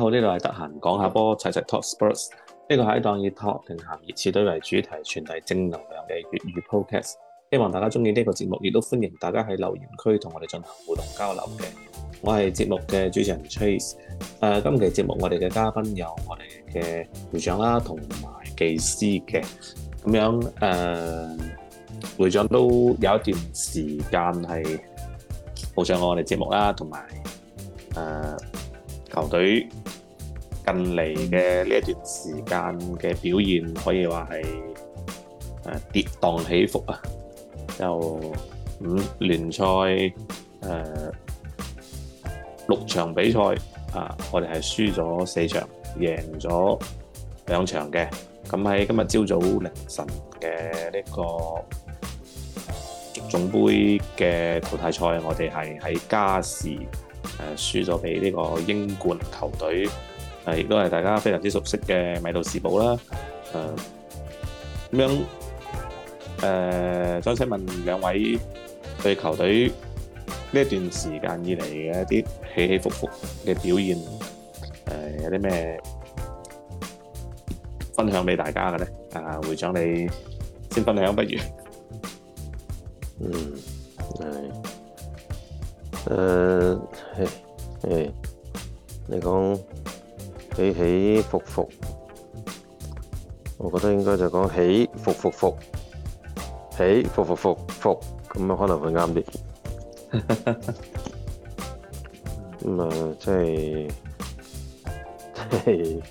好，呢度係得閒講下波齊齊 Talk Spurs 呢、這個係一檔以托定咸熱刺隊為主題，傳遞正能量嘅粵語 Podcast。希望大家中意呢個節目，亦都歡迎大家喺留言區同我哋進行互動交流嘅。我係節目嘅主持人 Chase。誒、呃，今期節目我哋嘅嘉賓、啊、有我哋嘅會長啦，同埋技師嘅咁樣。誒、呃，會長都有一段時間係冇上我哋節目啦，同埋誒球隊近嚟嘅呢一段時間嘅表現，可以話係跌宕起伏啊！就五、嗯、聯賽、呃、六場比賽啊，我哋係輸咗四場，贏咗兩場嘅。咁喺今日朝早凌晨嘅呢個總杯嘅淘汰賽，我哋係喺加時輸咗俾呢個英冠球隊。亦都係大家非常之熟悉嘅米杜士堡啦。誒，咁樣誒，想請問兩位對球隊呢一段時間以嚟嘅一啲起起伏伏嘅表現，誒有啲咩分享俾大家嘅呢？啊，會長你先分享不如。嗯，誒，誒，你講。起起伏伏，我覺得應該就講起伏伏伏，起伏伏伏伏，伏，咁可能會啱啲。咁啊，即係，即係，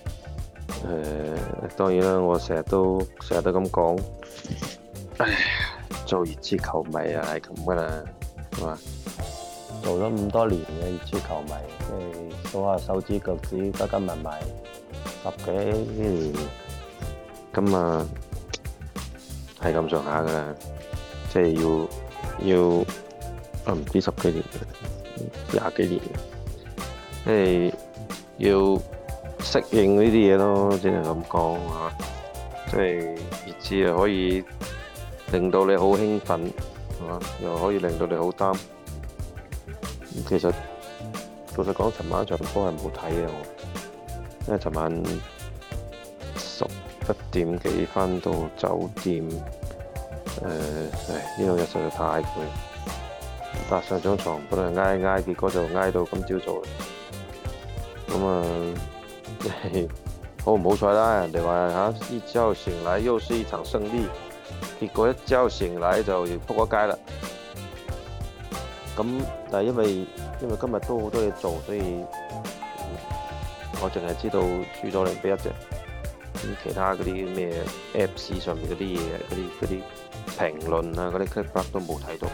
呃，當然啦，我成日都成日都咁講，做熱刺球迷啊，係咁噶啦，係嘛？做咗咁多年嘅熱刺球迷，即係數下手指腳趾，加加埋埋十幾年，咁啊係咁上下噶啦，即係要要唔知十幾年，廿幾年，即係要適應呢啲嘢咯，只能咁講啊，即係熱刺又可以令到你好興奮，係嘛，又可以令到你好擔。其實老實講，尋晚一場波係冇睇嘅，我因為尋晚十一點幾回到酒店，誒、呃，呢兩日實在太攰，搭上張床本來挨挨，結果就挨到今朝早啦。咁啊，好唔好彩啦？人哋話一覺醒來又是一場勝利，結果一覺醒來就撲街啦咁但係因為因為今日都好多嘢做，所以我淨係知道輸咗零比一隻，咁其他嗰啲咩 Apps 上面嗰啲嘢，嗰啲嗰啲評論啊，嗰啲 clickback 都冇睇到。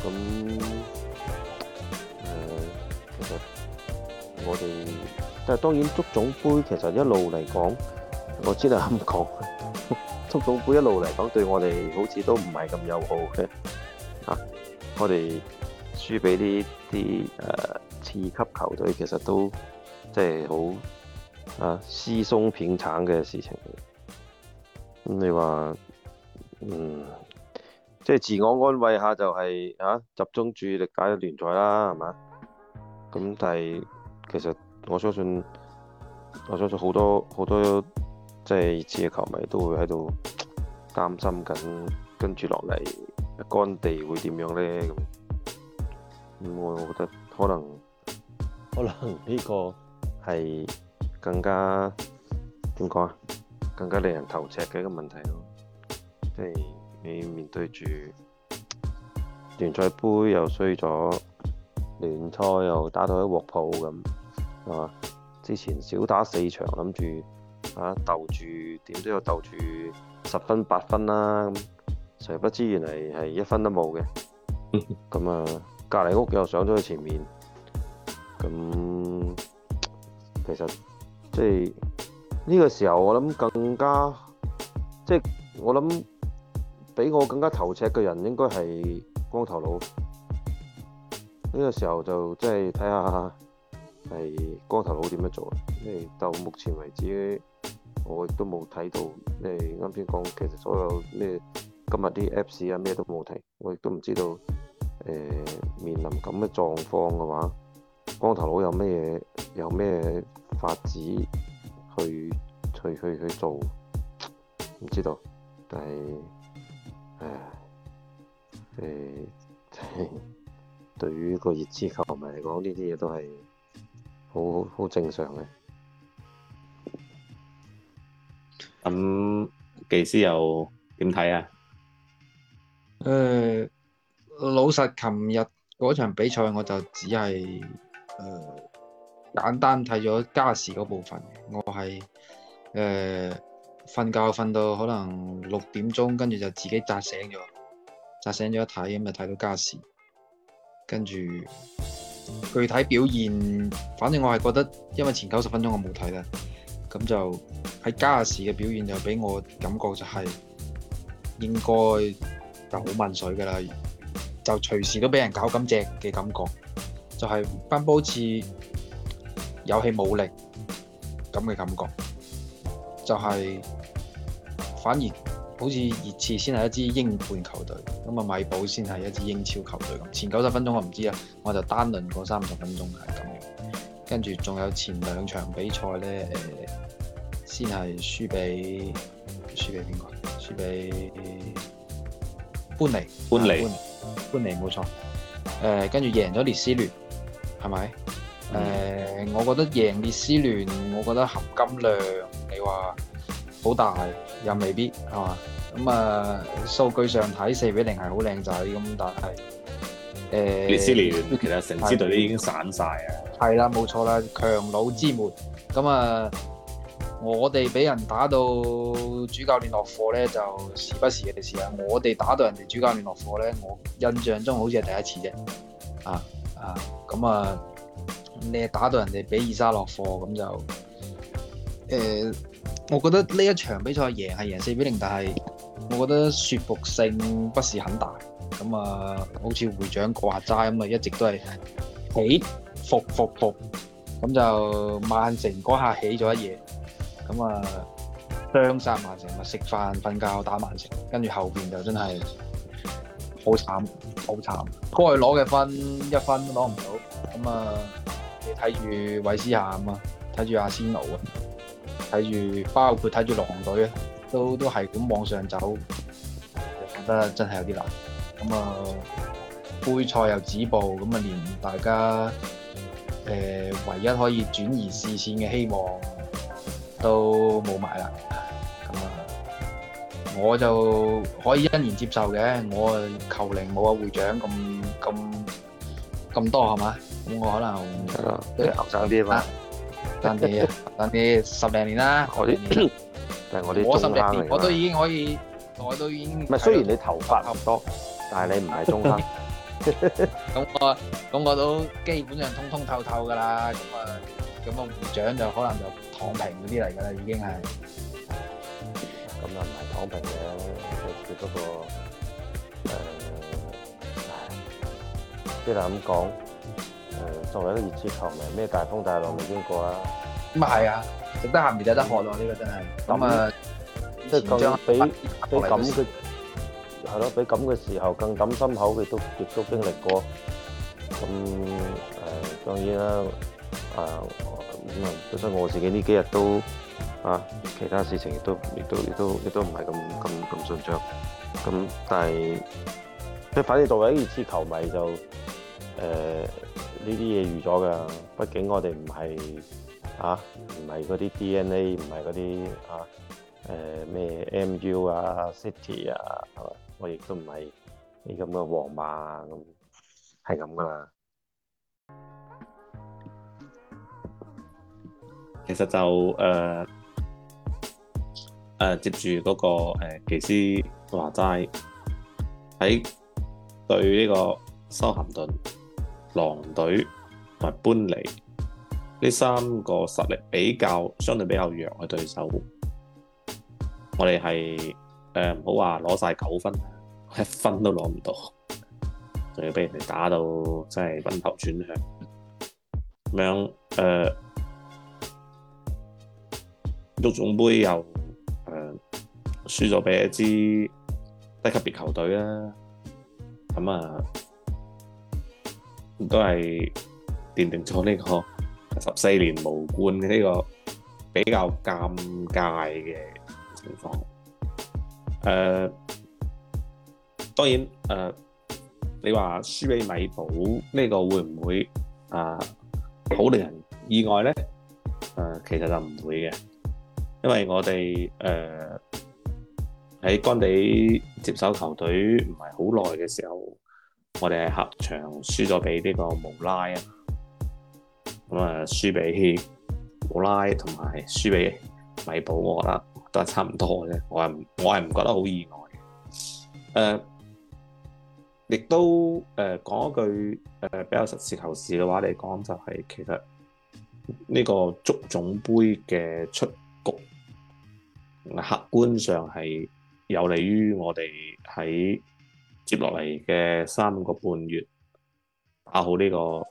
咁、呃、其實我哋，但係當然足總杯其實一路嚟講，我知係咁講，足總杯一路嚟講對我哋好似都唔係咁友好嘅，啊。我哋輸俾啲啲次級球隊，其實都即係好啊，稀鬆平常嘅事情。嗯、你話，嗯，即係自我安慰下就係、是、吓、啊、集中注意力解啲聯賽啦，係嘛？咁但係其實我相信，我相信好多好多即係熱刺嘅球迷都會喺度擔心緊，跟住落嚟，乾地會點樣呢？咁我覺得可能可能呢個係更加點講啊？更加令人頭赤嘅一個問題咯。即、欸、係你面對住聯賽杯又衰咗，聯賽又打到一鑊泡咁，係嘛、啊？之前少打四場，諗住嚇鬥住點都要鬥住十分八分啦。誰不知，原嚟係一分都冇嘅。咁 啊，隔籬屋又上咗去前面。咁其實即係呢，這個時候我想，我諗更加即係我諗比我更加頭赤嘅人，應該係光頭佬。呢，這個時候就即係睇下係光頭佬點樣做。因為到目前為止，我亦都冇睇到。誒，啱先講，其實所有咩？今日啲 Apps 啊，咩都冇停。我亦都唔知道，誒、呃，面臨咁嘅狀況嘅話，光頭佬有咩嘢，有咩嘢法子去去去，去做？唔知道，但係誒，誒、呃就是，對於個熱刺球迷嚟講，呢啲嘢都係好好正常嘅。咁、嗯、技師又點睇啊？誒、呃，老實，琴日嗰場比賽我就只係誒、呃、簡單睇咗加時嗰部分。我係誒瞓覺瞓到可能六點鐘，跟住就自己扎醒咗，扎醒咗一睇，咁就睇到加時。跟住具體表現，反正我係覺得，因為前九十分鐘我冇睇啦，咁就喺加時嘅表現就俾我感覺就係、是、應該。就好掹水噶啦，就隨時都俾人搞緊隻嘅感覺，就係奔波似有氣冇力咁嘅感覺，就係、是、反而好似熱刺先係一支英冠球隊，咁啊米堡先係一支英超球隊咁。前九十分鐘我唔知啊，我就單論嗰三十分鐘係咁樣，跟住仲有前兩場比賽咧，誒、呃、先係輸俾輸俾邊個？輸俾？輸搬嚟，搬嚟，搬嚟冇錯。誒，跟住贏咗列斯聯，係咪？誒，我覺得贏列斯聯，我覺得含金量你話好大，又未必係嘛。咁啊，數據上睇四比零係好靚仔，咁但係誒列斯聯其實成支隊都已經散晒啊。係啦，冇錯啦，強弩之末咁啊。我哋俾人打到主教練落課咧，就時不時嘅事啊。我哋打到人哋主教練落課咧，我印象中好似係第一次啫、啊。啊啊，咁啊，你打到人哋俾二沙落課咁就誒、呃，我覺得呢一場比賽贏係贏四比零，但係我覺得説服性不是很大。咁啊，好似會長話齋咁啊，一直都係起伏伏伏，咁就曼城嗰下起咗一夜。咁啊，雙殺曼城啊，食飯、瞓覺、打曼城，跟住後邊就真係好慘，好慘！過去攞嘅分一分都攞唔到。咁啊，你睇住韋斯咸啊，睇住阿仙奴啊，睇住包括睇住狼隊啊，都都係咁往上走，覺得真係有啲難。咁啊，杯賽又止步，咁啊連大家誒、呃、唯一可以轉移視線嘅希望。都冇買啦，咁啊，我就可以欣然接受嘅。我球齡冇阿會長咁咁咁多，係咪？咁我可能，係咯，都後生啲嘛。後生啲啊，後生啲十零年啦。我啲，但係我啲中生嚟㗎。我都已經可以，我都已經。唔係，雖然你頭髮差唔多，但係你唔係中生。咁 我咁我都基本上通通透透噶啦，咁啊咁啊，獎就可能就躺平嗰啲嚟噶啦，已經係咁就唔係躺平嘅，佢、嗯、嗰、那個誒，即係咁講，誒，作、呃、為一個熱刺球迷，咩大風大浪冇經過啊？咁啊係啊，食得鹹魚就得渴咯，呢個真係。咁、嗯、啊，即係講比比咁嘅。係咯，比咁嘅時候更感心口也，亦都亦都經歷過。咁誒、呃、當然啦，啊本身我自己呢幾日都啊其他事情亦都亦都亦都亦都唔係咁咁咁順暢。咁但係即係，反正作為一次球迷就誒呢啲嘢預咗㗎。畢竟我哋唔係啊唔係嗰啲 DNA，唔係嗰啲啊誒咩、呃、MU 啊 City 啊，係咪？我亦都唔係啲咁嘅皇馬咁，係咁噶啦。其實就、呃呃、接住嗰、那個誒技師話齋喺對呢個修咸頓、狼隊同埋搬尼呢三個實力比較相對比較弱嘅對手，我哋係誒唔好話攞曬九分。一分都攞唔到，仲要俾人哋打到真係昏頭轉向，咁樣誒，足、呃、總杯又誒、呃、輸咗俾一支低級別球隊啦，咁啊都係奠定咗呢個十四年無冠嘅呢個比較尷尬嘅情況誒。呃當然，呃、你話輸俾米堡呢個會唔會啊好令人意外呢？呃、其實就唔會嘅，因為我哋誒喺干地接手球隊唔係好耐嘅時候，我哋係客場輸咗俾呢個無拉啊。咁、呃、啊，輸俾無拉同埋輸俾米堡我覺得都係差唔多嘅，我係唔，唔覺唔覺得好意外嘅、呃亦都誒講、呃、一句誒、呃、比較實事求是嘅話嚟講，就係、是、其實呢個足總杯嘅出局，客觀上係有利於我哋喺接落嚟嘅三個半月打好呢個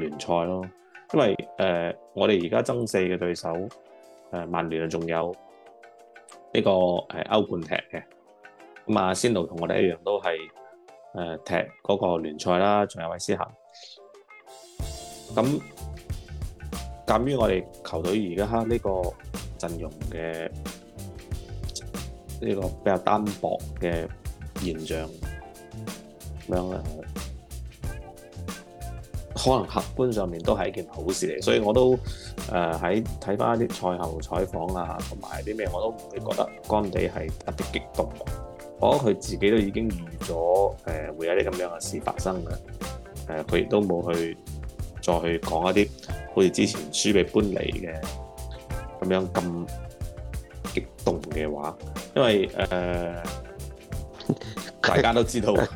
聯賽咯。因為誒、呃、我哋而家爭四嘅對手誒曼、呃、聯仲有呢、這個誒、呃、歐冠踢嘅咁阿仙奴同我哋一樣都係。呃、踢嗰個聯賽啦，仲有韋斯咸。咁，鑑於我哋球隊而家呢個陣容嘅呢、呢個比較單薄嘅現象，咁樣咧。可能客觀上面都係一件好事嚟，所以我都誒喺睇翻一啲賽後採訪啊，同埋啲咩我都唔會覺得干地係特別激動。我覺得佢自己都已經預咗誒、呃、會有啲咁樣嘅事發生嘅，誒、呃、佢亦都冇去再去講一啲好似之前輸俾般尼嘅咁樣咁激動嘅話，因為誒、呃、 大家都知道，干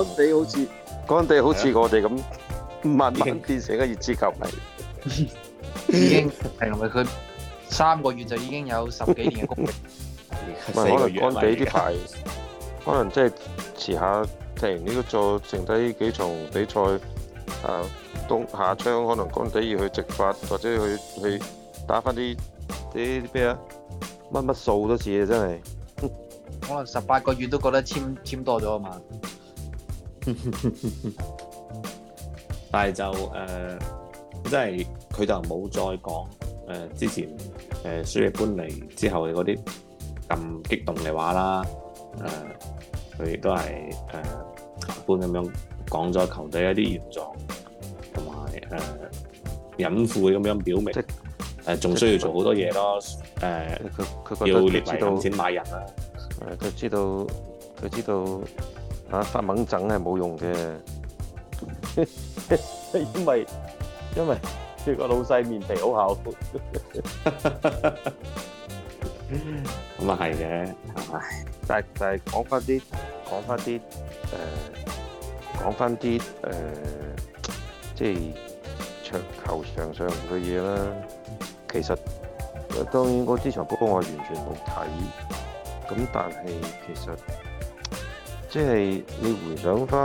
地好似干地好似、啊、我哋咁。慢慢變成一個熱刺球迷，已經係咪佢三個月就已經有十幾年嘅功力？可能干地啲牌，可能即係遲下停呢個座，做剩低幾場比賽，誒、啊、冬下窗可能干地要去直發，或者去去打翻啲啲咩啊乜乜數都似啊！真係 可能十八個月都覺得簽簽多咗啊嘛～ 但係就誒，即係佢就冇再講誒、呃、之前誒輸亦搬嚟之後嘅嗰啲咁激動嘅話啦。誒佢亦都係誒一般咁樣講咗球隊一啲現狀，同埋誒隱晦咁樣表明即誒仲、呃、需要做好多嘢咯。誒要列知道錢買人啦。佢知道佢知道嚇、啊、發猛整係冇用嘅。 因為因為這個老細面皮好厚 、嗯，咁啊係嘅，但係但係講翻啲講翻啲誒，講翻啲誒，即係桌球上上嘅嘢啦。其實當然我之支長波我完全冇睇，咁但係其實即係你回想翻。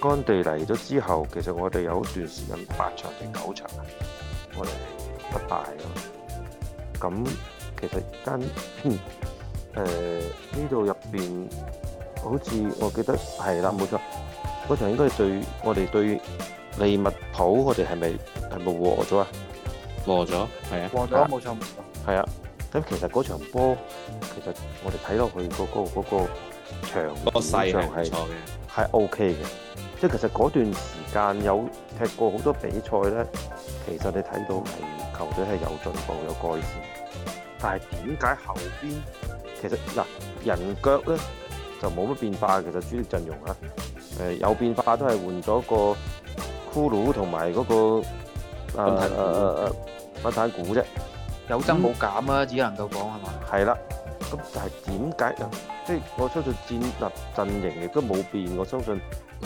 乾地嚟咗之後，其實我哋有一段時間八場定九場，我哋不敗咯。咁其實間誒呢度入邊，好似我記得係啦，冇錯。嗰場應該係對我哋對利物浦，我哋係咪係咪和咗啊？和咗係啊，和咗冇錯冇錯係啊。咁其實嗰場波，其實我哋睇落去嗰個嗰個場面上係係 O K 嘅。那個即係其實嗰段時間有踢過好多比賽咧，其實你睇到係球隊係有進步有改善，但係點解後邊其實嗱人腳咧就冇乜變化。其實主力陣容啊、呃，有變化都係換咗個骷魯同埋嗰個、嗯、啊賓坦古啫，有增冇減啊？只能夠講係嘛？係、嗯、啦，咁但係點解啊？即係我相信戰立陣型亦都冇變。我相信。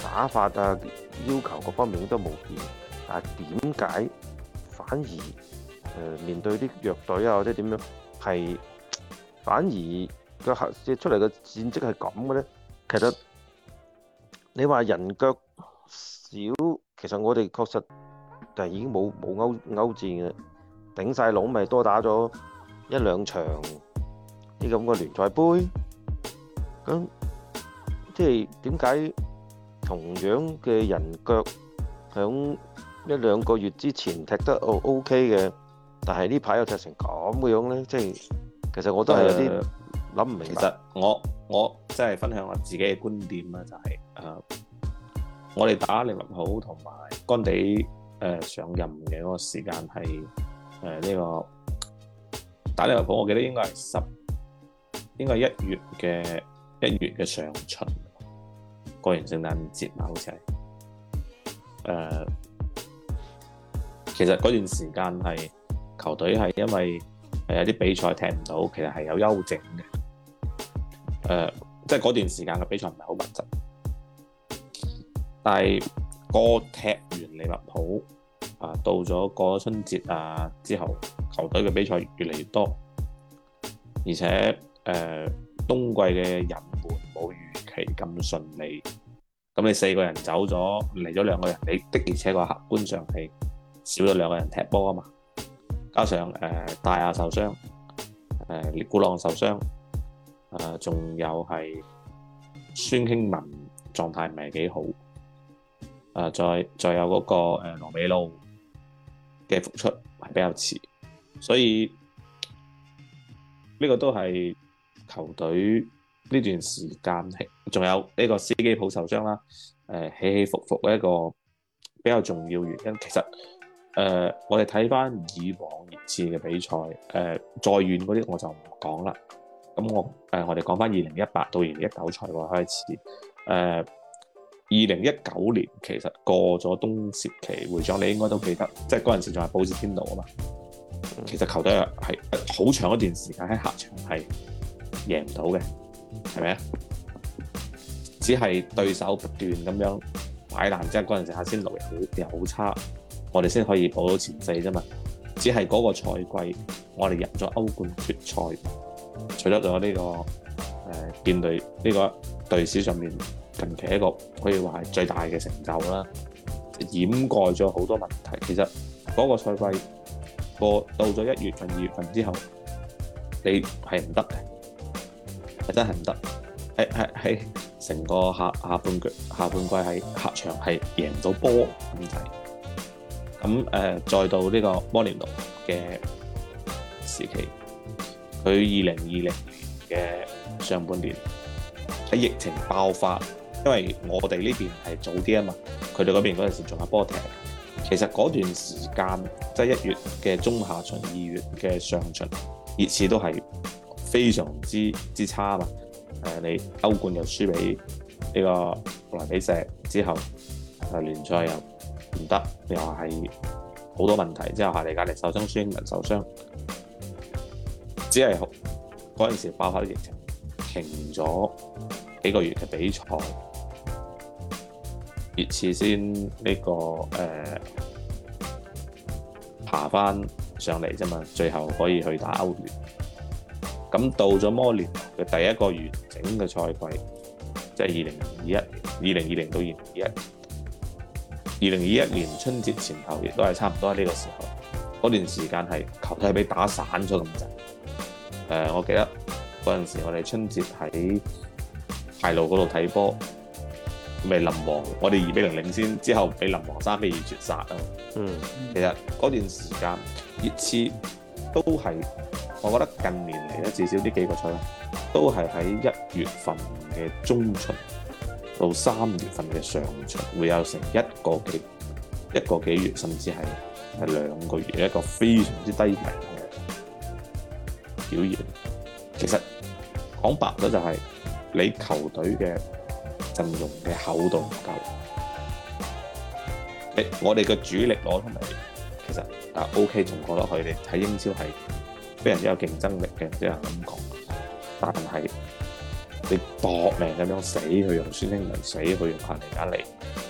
打法啊，要求各方面都冇變，但係點解反而誒面、呃、對啲弱隊啊，或者點樣，係反而個行射出嚟嘅戰績係咁嘅咧？其實你話人腳少，其實我哋確實就已經冇冇歐歐戰嘅，頂晒籠咪多打咗一兩場呢咁嘅聯賽杯，咁即係點解？就是同樣嘅人腳，喺一兩個月之前踢得 OK 嘅，但係呢排又踢成咁嘅樣咧，即係其實我都係有啲諗唔明。其實我、呃、其實我即係分享我自己嘅觀點啦，就係、是、誒、呃，我哋打利物浦同埋干地誒、呃、上任嘅嗰個時間係呢、呃這個打利物浦，我記得應該係十應該係一月嘅一月嘅上旬。過完聖誕節嘛，好似係、呃、其實嗰段時間係球隊係因為有啲比賽踢唔到，其實係有休整嘅，誒、呃，即係嗰段時間嘅比賽唔係好密集。但係過踢完利物浦啊，到咗過春節啊之後，球隊嘅比賽越嚟越多，而且、呃、冬季嘅人。冇預期咁順利，咁你四個人走咗，嚟咗兩個人，你的而且確客觀上係少咗兩個人踢波啊嘛，加上、呃、戴亞受傷，誒、呃、列古朗受傷，仲、呃、有係孫興文狀態唔係幾好，呃、再再有嗰、那個羅、呃、羅美路嘅復出係比較遲，所以呢、這個都係球隊。呢段時間，仲有呢個司機普受傷啦，誒、呃、起起伏伏一個比較重要原因。其實誒、呃，我哋睇翻以往熱刺嘅比賽，誒、呃、再遠嗰啲我就唔講啦。咁我誒、呃、我哋講翻二零一八到二零一九賽季開始，誒二零一九年其實過咗冬歇期會長，你應該都記得，即係嗰陣時仲係布斯天奴啊嘛。其實球隊係好長一段時間喺客場係贏唔到嘅。係咪只係對手不斷咁樣擺爛，之係嗰陣時下先落，又好差，我哋先可以保到前四啫嘛。只係嗰個賽季，我哋入咗歐冠決賽，取得咗呢個誒，建隊呢個隊史上面近期一個可以話係最大嘅成就啦。掩蓋咗好多問題，其實嗰個賽季過到咗一月份、二月份之後，你係唔得嘅。係真係唔得，係係係成個下下半季下半季喺客場係贏唔到波咁滯，咁誒、呃、再到呢個摩連奴嘅時期，佢二零二零嘅上半年喺疫情爆發，因為我哋呢邊係早啲啊嘛，佢哋嗰邊嗰陣時仲有波踢，其實嗰段時間即係一月嘅中下旬、二月嘅上旬熱刺都係。非常之之差嘛！誒、呃，你歐冠又輸俾呢個 RB 萊比錫之後，聯、呃、賽又唔得，又係好多問題，之後下嚟隔籬受傷、孫興慜受傷，只係嗰陣時爆發啲疫情，停咗幾個月嘅比賽，熱刺先呢個誒、呃、爬翻上嚟啫嘛，最後可以去打歐聯。咁到咗摩聯嘅第一個完整嘅賽季，即係二零二一年、二零二零到二零二一、二零二一年春節前頭，亦都係差唔多喺呢個時候。嗰段時間係球體係俾打散咗咁滯。誒、呃，我記得嗰陣時我哋春節喺大路嗰度睇波，咪林王的，我哋二比零領先，之後俾林王三比二絕殺啊、嗯！嗯，其實嗰段時間熱刺。都係，我覺得近年嚟至少呢幾個賽都係喺一月份嘅中旬到三月份嘅上旬，會有成一個幾一個幾月，甚至係係兩個月一個非常之低迷嘅表現。其實講白咗就係、是、你球隊嘅陣容嘅厚度唔夠、欸，我哋嘅主力攞同埋其實。啊 OK，仲過落去，你喺英超係非常之有競爭力嘅，即係咁講。但係你搏命咁樣死去用孫興慜，死去用夏利簡尼，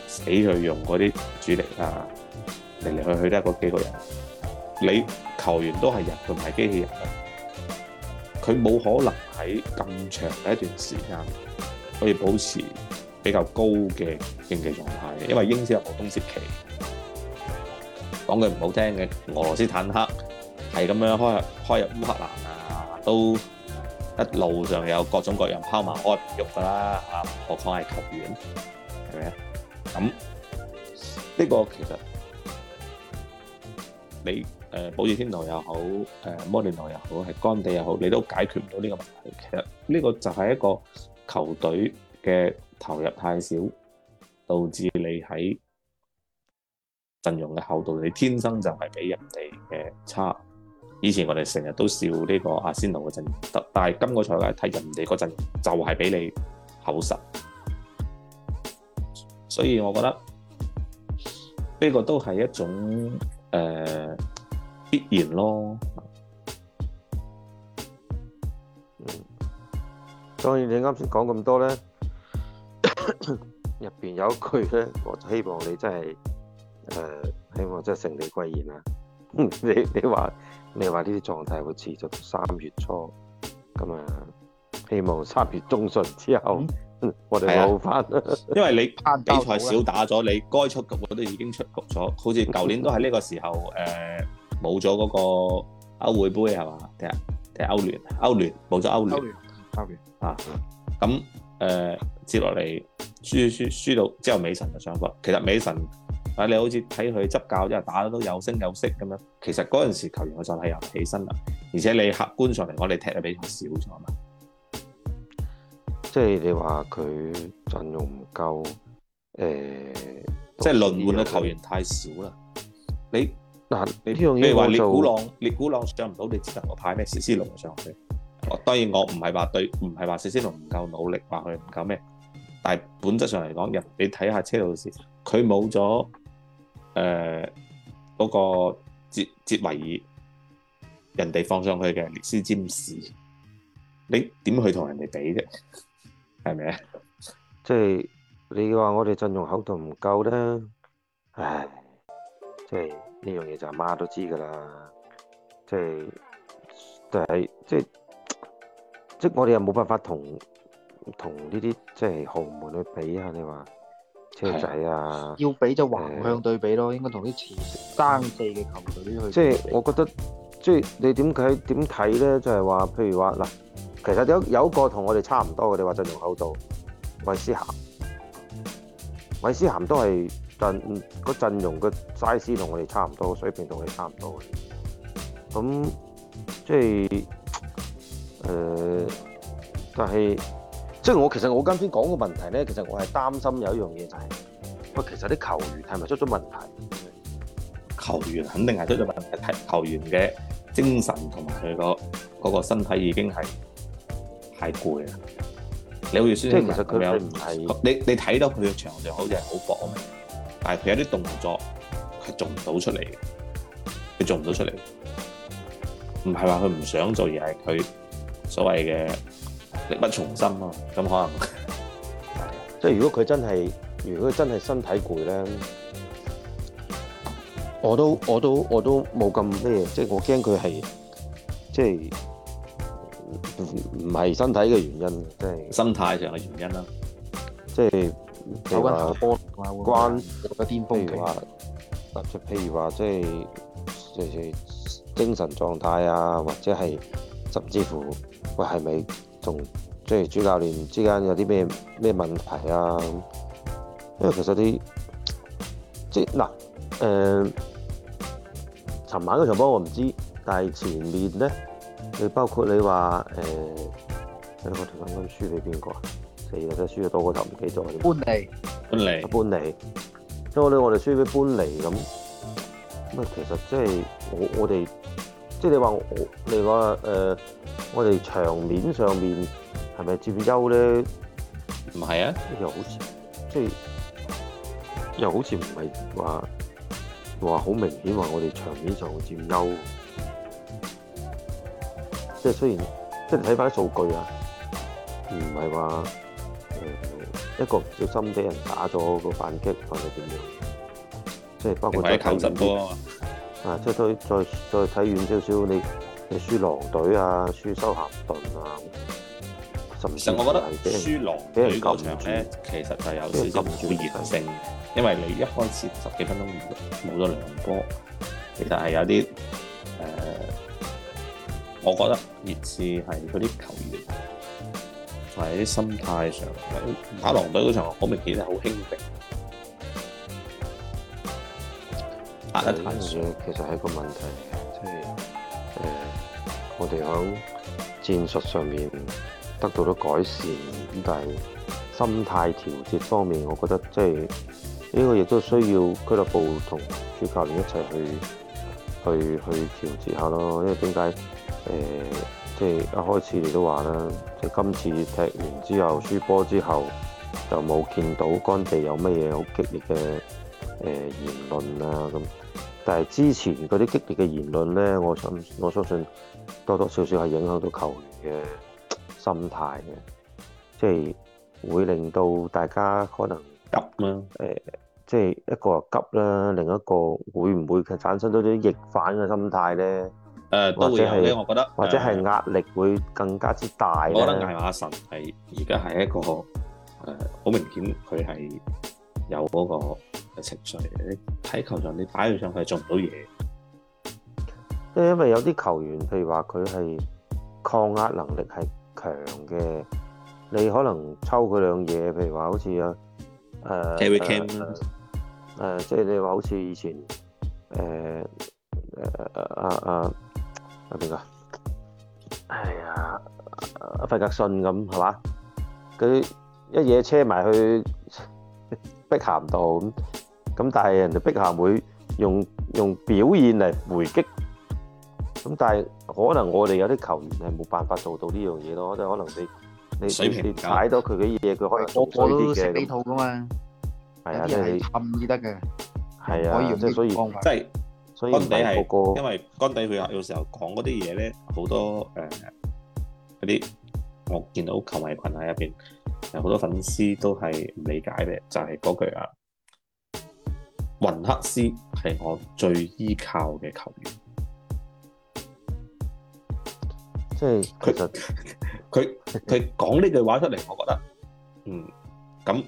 死去用嗰啲主力啊，嚟嚟去去都係嗰幾個人。你球員都係人，唔係機器人，佢冇可能喺咁長嘅一段時間可以保持比較高嘅競技狀態嘅，因為英超係冇冬歇期。講句唔好聽嘅，俄羅斯坦克係咁樣開入開入烏克蘭呀、啊，都一路上有各種各樣拋錨開唔郁㗎啦，嚇、啊、何況係球員，係咪啊？咁呢、這個其實你保捷、呃、天奴又好，呃、摩連奴又好，係、呃、干地又好，你都解決唔到呢個問題。其實呢個就係一個球隊嘅投入太少，導致你喺陣容嘅厚度，你天生就係比人哋嘅差。以前我哋成日都笑呢個阿仙奴嘅陣容，但係今個賽季睇人哋個陣就係比你厚實，所以我覺得呢、這個都係一種誒、呃、必然咯。嗯，當然你啱先講咁多呢，入邊 有一句呢，我希望你真係。誒、uh，希望真係勝利歸然啦。 你說你話你話，呢啲狀態會持續到三月初，咁啊，希望三月中旬之後，嗯、 我哋好翻。因為你比賽少打咗，你該出局我都已經出局咗。好似舊年都喺呢個時候誒，冇咗嗰個歐會杯係嘛？即係即係歐聯，歐聯冇咗歐聯，歐聯啊。咁誒、呃，接落嚟輸輸輸到之後美神就上翻。其實美神。啊！你好似睇佢執教即係打得都有聲有色咁樣，其實嗰陣時球員嘅狀態又起身啦，而且你客觀上嚟講，我哋踢嘅比賽少咗嘛，即係你話佢陣容唔夠誒，即、欸、係、就是、輪換嘅球員太少啦。你嗱，你呢樣嘢譬如話列古朗列古朗上唔到，你只能夠派咩？斯斯隆上去？哦，當然我唔係話對，唔係話斯斯隆唔夠努力，話佢唔夠咩，但係本質上嚟講，入你睇下車路士，佢冇咗。誒、嗰個哲哲維爾，人哋放上去嘅列斯占士，你點去同人哋比啫？係咪啊？即係你話我哋陣容厚度唔夠咧，唉！即係呢樣嘢就阿媽都知噶啦，即係但係即即我哋又冇辦法同同呢啲即係豪門去比啊！你話？車仔啊，啊要俾就橫向對比咯。啊、應該同啲前三四嘅球隊啲去。即係我覺得，即係你點睇點睇咧，就係、是、話，譬如話嗱,其實有有個同我哋差唔多嘅，你話陣容厚度，韋斯咸，韋斯咸都係陣個陣容嘅 size 同我哋差唔多，水平同我哋差唔多嘅。咁即係誒、呃，但係。即係我其實我啱先講個問題咧，其實我係擔心有一樣嘢就係，喂，其實啲球員係咪出咗問題？球員肯定係出咗問題，球員嘅精神同埋佢個嗰個身體已經係太攰啦。你好意思即係其實佢有唔係？你你睇到佢嘅場地好似係好薄啊，但係佢有啲動作係做唔到出嚟嘅，佢做唔到出嚟。唔係話佢唔想做，而係佢所謂嘅。力不從心啊！咁可能即係如果佢真係，如果佢真係身體攰咧，我都我都我都冇咁咩，即係我驚佢係即係唔係身體嘅原因，即係心態上嘅原因啦。即係有關下坡關嗰個巔峯期，就譬如話即係精神狀態啊，或者係甚至乎喂，係咪？同即係主教練之間有啲咩咩問題啊？因、嗯、為其實啲即嗱誒，尋、呃、晚嗰場波我唔知，但係前面咧，你包括你話誒，有冇條新聞輸俾邊個啊？四日啫，輸咗多個頭唔記得。搬嚟，搬嚟，搬嚟，因為咧我哋輸俾搬嚟咁咁啊，其實即、就、係、是、我我哋即係你話你話誒。呃我哋場面上面係咪佔優咧？唔係啊，又好似即係又好似唔係話話好明顯話我哋場面上佔優，即係雖然即係睇翻啲數據啊，唔係話一個唔小心俾人打咗個反擊或者點樣，即係包括睇控波啊，即係再再再睇遠少少你。輸狼隊啊，輸修咸頓啊，甚至其實我覺得輸狼俾人咁樣咧，其實係有啲會熱性。因為你一開始十幾分鐘冇咗兩波，其實係有啲誒、呃，我覺得熱刺係佢啲球員同埋啲心態上，打狼隊嗰場好明顯係好輕敵，壓得緊住，其實係一個問題嚟嘅，即係誒。我哋喺戰術上面得到咗改善，咁但係心態調節方面，我覺得即係呢個亦都需要俱樂部同主教練一齊去去去調節下咯。因為點解誒，即係一開始你都話啦，即係今次踢完之後輸波之後就冇見到干地有乜嘢好激烈嘅誒、呃、言論啊咁，但係之前嗰啲激烈嘅言論咧，我信我相信，多多少少係影響到球員嘅心態嘅，即、就、係、是、會令到大家可能急啦，誒、呃，即、就、係、是、一個急啦，另一個會唔會佢產生到啲逆反嘅心態咧？誒、呃，或者係我，我覺得或者係壓力會更加之大咧。我覺得艾瓦臣係而家係一個誒，好、呃、明顯佢係有嗰個情緒嘅，喺球場你擺佢上去做不，做唔到嘢。即係因為有啲球員，譬如話佢係抗壓能力係強嘅，你可能抽佢兩嘢，譬如話好似、呃 okay, 呃呃、啊，誒誒即係你話好似以前誒誒誒誒誒邊個？哎呀，阿、啊、費、啊、格信咁係嘛？佢一嘢車埋去碧咸度咁，咁但係人哋碧咸會用用表現嚟回擊。咁但係可能我哋有啲球員係冇辦法做到呢樣嘢咯，即係可能你你水平你踩多佢嘅嘢，佢可,、啊啊、可以我我攞到成套噶嘛，一啲係貪啲得嘅，係啊，即係所以即係，所以因為個因為干地佢有時候講嗰啲嘢咧，好多誒嗰啲我見到球迷群喺入邊有好多粉絲都係唔理解嘅，就係、是、嗰句啊，雲克斯係我最依靠嘅球員。嗯嗯佢就佢佢講呢句話出嚟，我覺得嗯咁，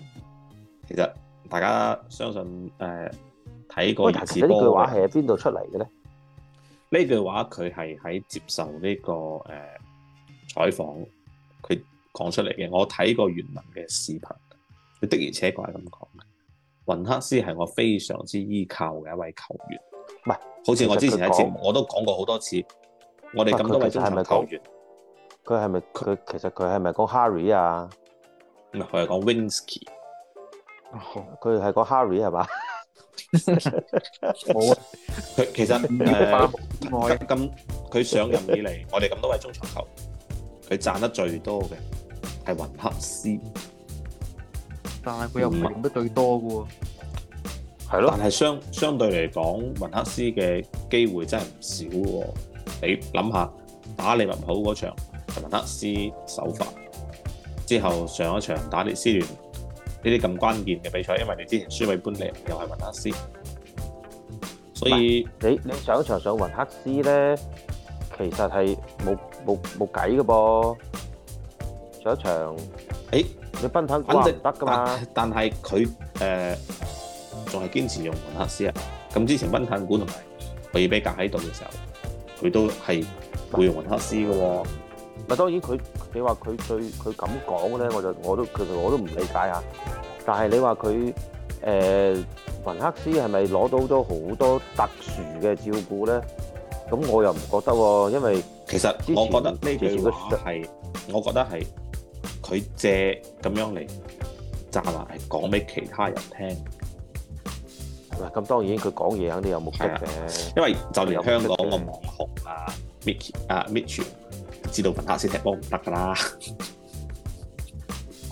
其實大家相信誒睇、呃、過二次多呢句話係喺邊度出嚟嘅咧？呢句話佢係喺接受呢、這個誒採訪，佢、呃、講出嚟嘅。我睇過原文嘅視頻，佢的而且確係咁講。雲克斯係我非常之依靠嘅一位球員，唔係，好似我之前喺節目我都講過好多次。我哋咁多都係中場球員，佢係咪佢其實佢係咪講 Harry 啊？唔係，佢係講 Winsky，佢係講 Harry 係嘛？冇啊！佢其實誒，咁佢上任以嚟，我哋咁多位中場球員，佢賺得最多嘅係雲克斯，但係佢又贏得最多噶喎。係咯，但係相相對嚟講，雲克斯嘅機會真係唔少。你諗下打利物浦嗰場雲克斯首發，之後上一場打列斯聯呢啲咁關鍵嘅比賽，因為你之前輸俾般尼又係雲克斯，所以你你上一場上雲克斯咧，其實係冇冇冇計嘅噃上一場。哎，你賓坦古話唔得噶嘛？但係佢誒仲係堅持用雲克斯啊。咁之前賓坦古同埋可以俾隔喺度嘅時候，佢都係會用雲克斯嘅喎，咪當然佢你話佢對佢咁講咧，我就我都其實我都唔理解啊。但係你話佢誒雲克斯係咪攞到咗好多特殊嘅照顧咧？咁我又唔覺得喎，因為其實我覺得呢句話係我覺得係佢借咁樣嚟賺啊，係講俾其他人聽。咁當然佢講嘢肯定有目的嘅，啊，因為就連香港個網紅啊，Micky 啊，Mitch 知道凡客踢波唔得噶啦。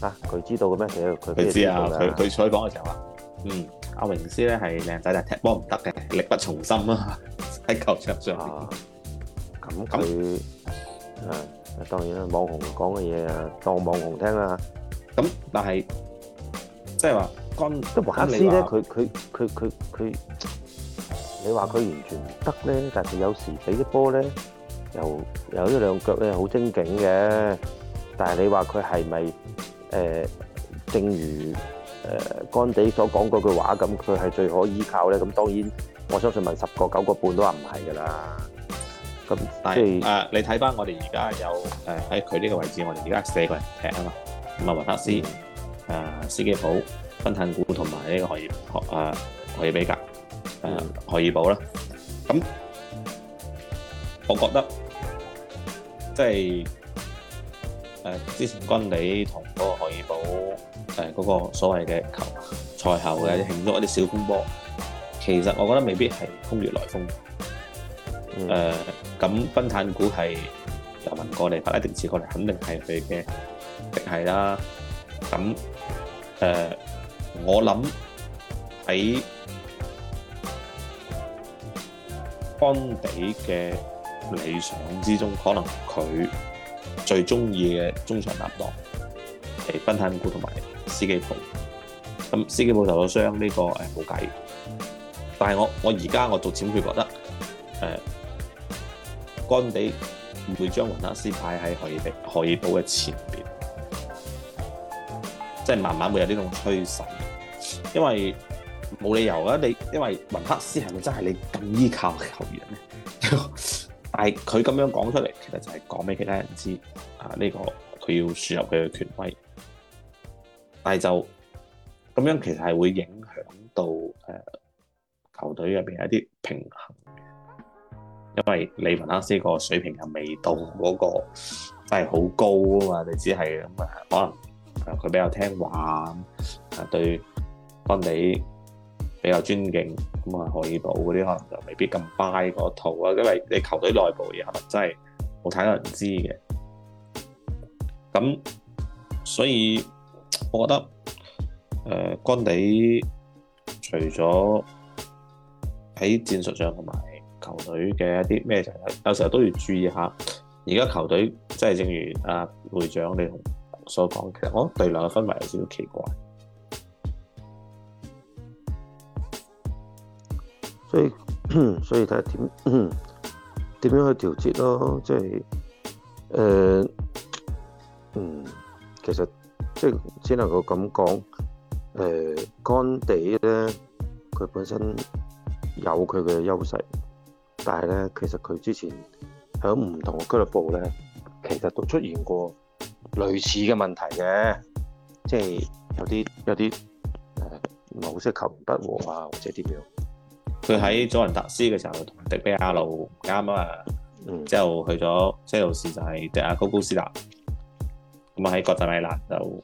啊，佢知道嘅咩？佢佢知啊，佢佢採訪嘅時候話，嗯，阿、啊、榮斯咧係靚仔，但踢波唔得嘅，力不從心啊，喺球場上。咁、啊、佢啊，當然啦，網紅講嘅嘢啊，當網紅聽啦。咁但係即係話。就是即係雲克斯咧，佢佢佢佢佢，你話佢完全唔得咧，但係有時俾啲波咧，又有一兩腳咧好精警嘅。但係你話佢係咪誒，正如誒幹地所講嗰句話咁，佢係最可依靠咧？咁當然我相信問十個九個半都話唔係㗎啦。咁即係啊，你睇翻我哋而家有誒喺佢呢個位置，我哋而家四個人踢啊嘛。咁啊，雲克斯啊，斯基普。賓坦古同埋呢個荷爾學啊，荷爾比格誒，荷爾堡啦。咁我覺得即係、呃、之前君李同嗰個荷爾堡誒嗰個所謂嘅球賽後嘅慶祝一啲小風波，其實我覺得未必係空穴來風。誒咁賓坦古係同埋我哋派拉特持股，肯定係佢嘅嫡系啦。咁我諗喺干地嘅理想之中，可能佢最中意嘅中場搭檔係賓坦古同埋司機普。咁司機普受咗傷，呢、這個誒冇計。但係我我而家我逐漸會覺得誒干、呃、地唔會將雲克斯擺喺荷爾荷爾堡嘅前面，即係慢慢會有呢種趨勢。因為冇理由啊，你因為雲克斯係咪真係你更依靠球員咧？ 但係佢咁樣講出嚟，其實就係講俾其他人知啊，呢、這個佢要輸入佢嘅權威。但係就咁樣，其實係會影響到誒、呃、球隊入邊一啲平衡嘅。因為你雲克斯個水平係未到嗰，那個真係好高啊嘛，你只係咁啊，可能佢比較聽話啊，對。干地比較尊敬，咁啊可以保嗰啲，可能就未必咁 buy 嗰套啊，因為你球隊內部嘢係咪真係冇太多人知嘅？咁所以我覺得，誒、呃，干地除咗喺戰術上同埋球隊嘅一啲咩時候，有時候都要注意一下。而家球隊即係正如阿、啊、會長你所講，其實我覺得隊內嘅氛圍有少少奇怪。所以，所以睇下點點樣去調節咯，即係誒、呃，嗯，其實即係先能夠咁講，誒、呃，干地咧，佢本身有佢嘅優勢，但係呢，其實佢之前響唔同嘅俱樂部咧，其實都出現過類似嘅問題嘅，即係有啲有啲誒，唔係求不和啊，或者點樣。佢喺祖雲達斯嘅時候同迪比亞路唔啱啊，之後去咗車路士就係迪亞高高斯達，咁啊喺國際米蘭就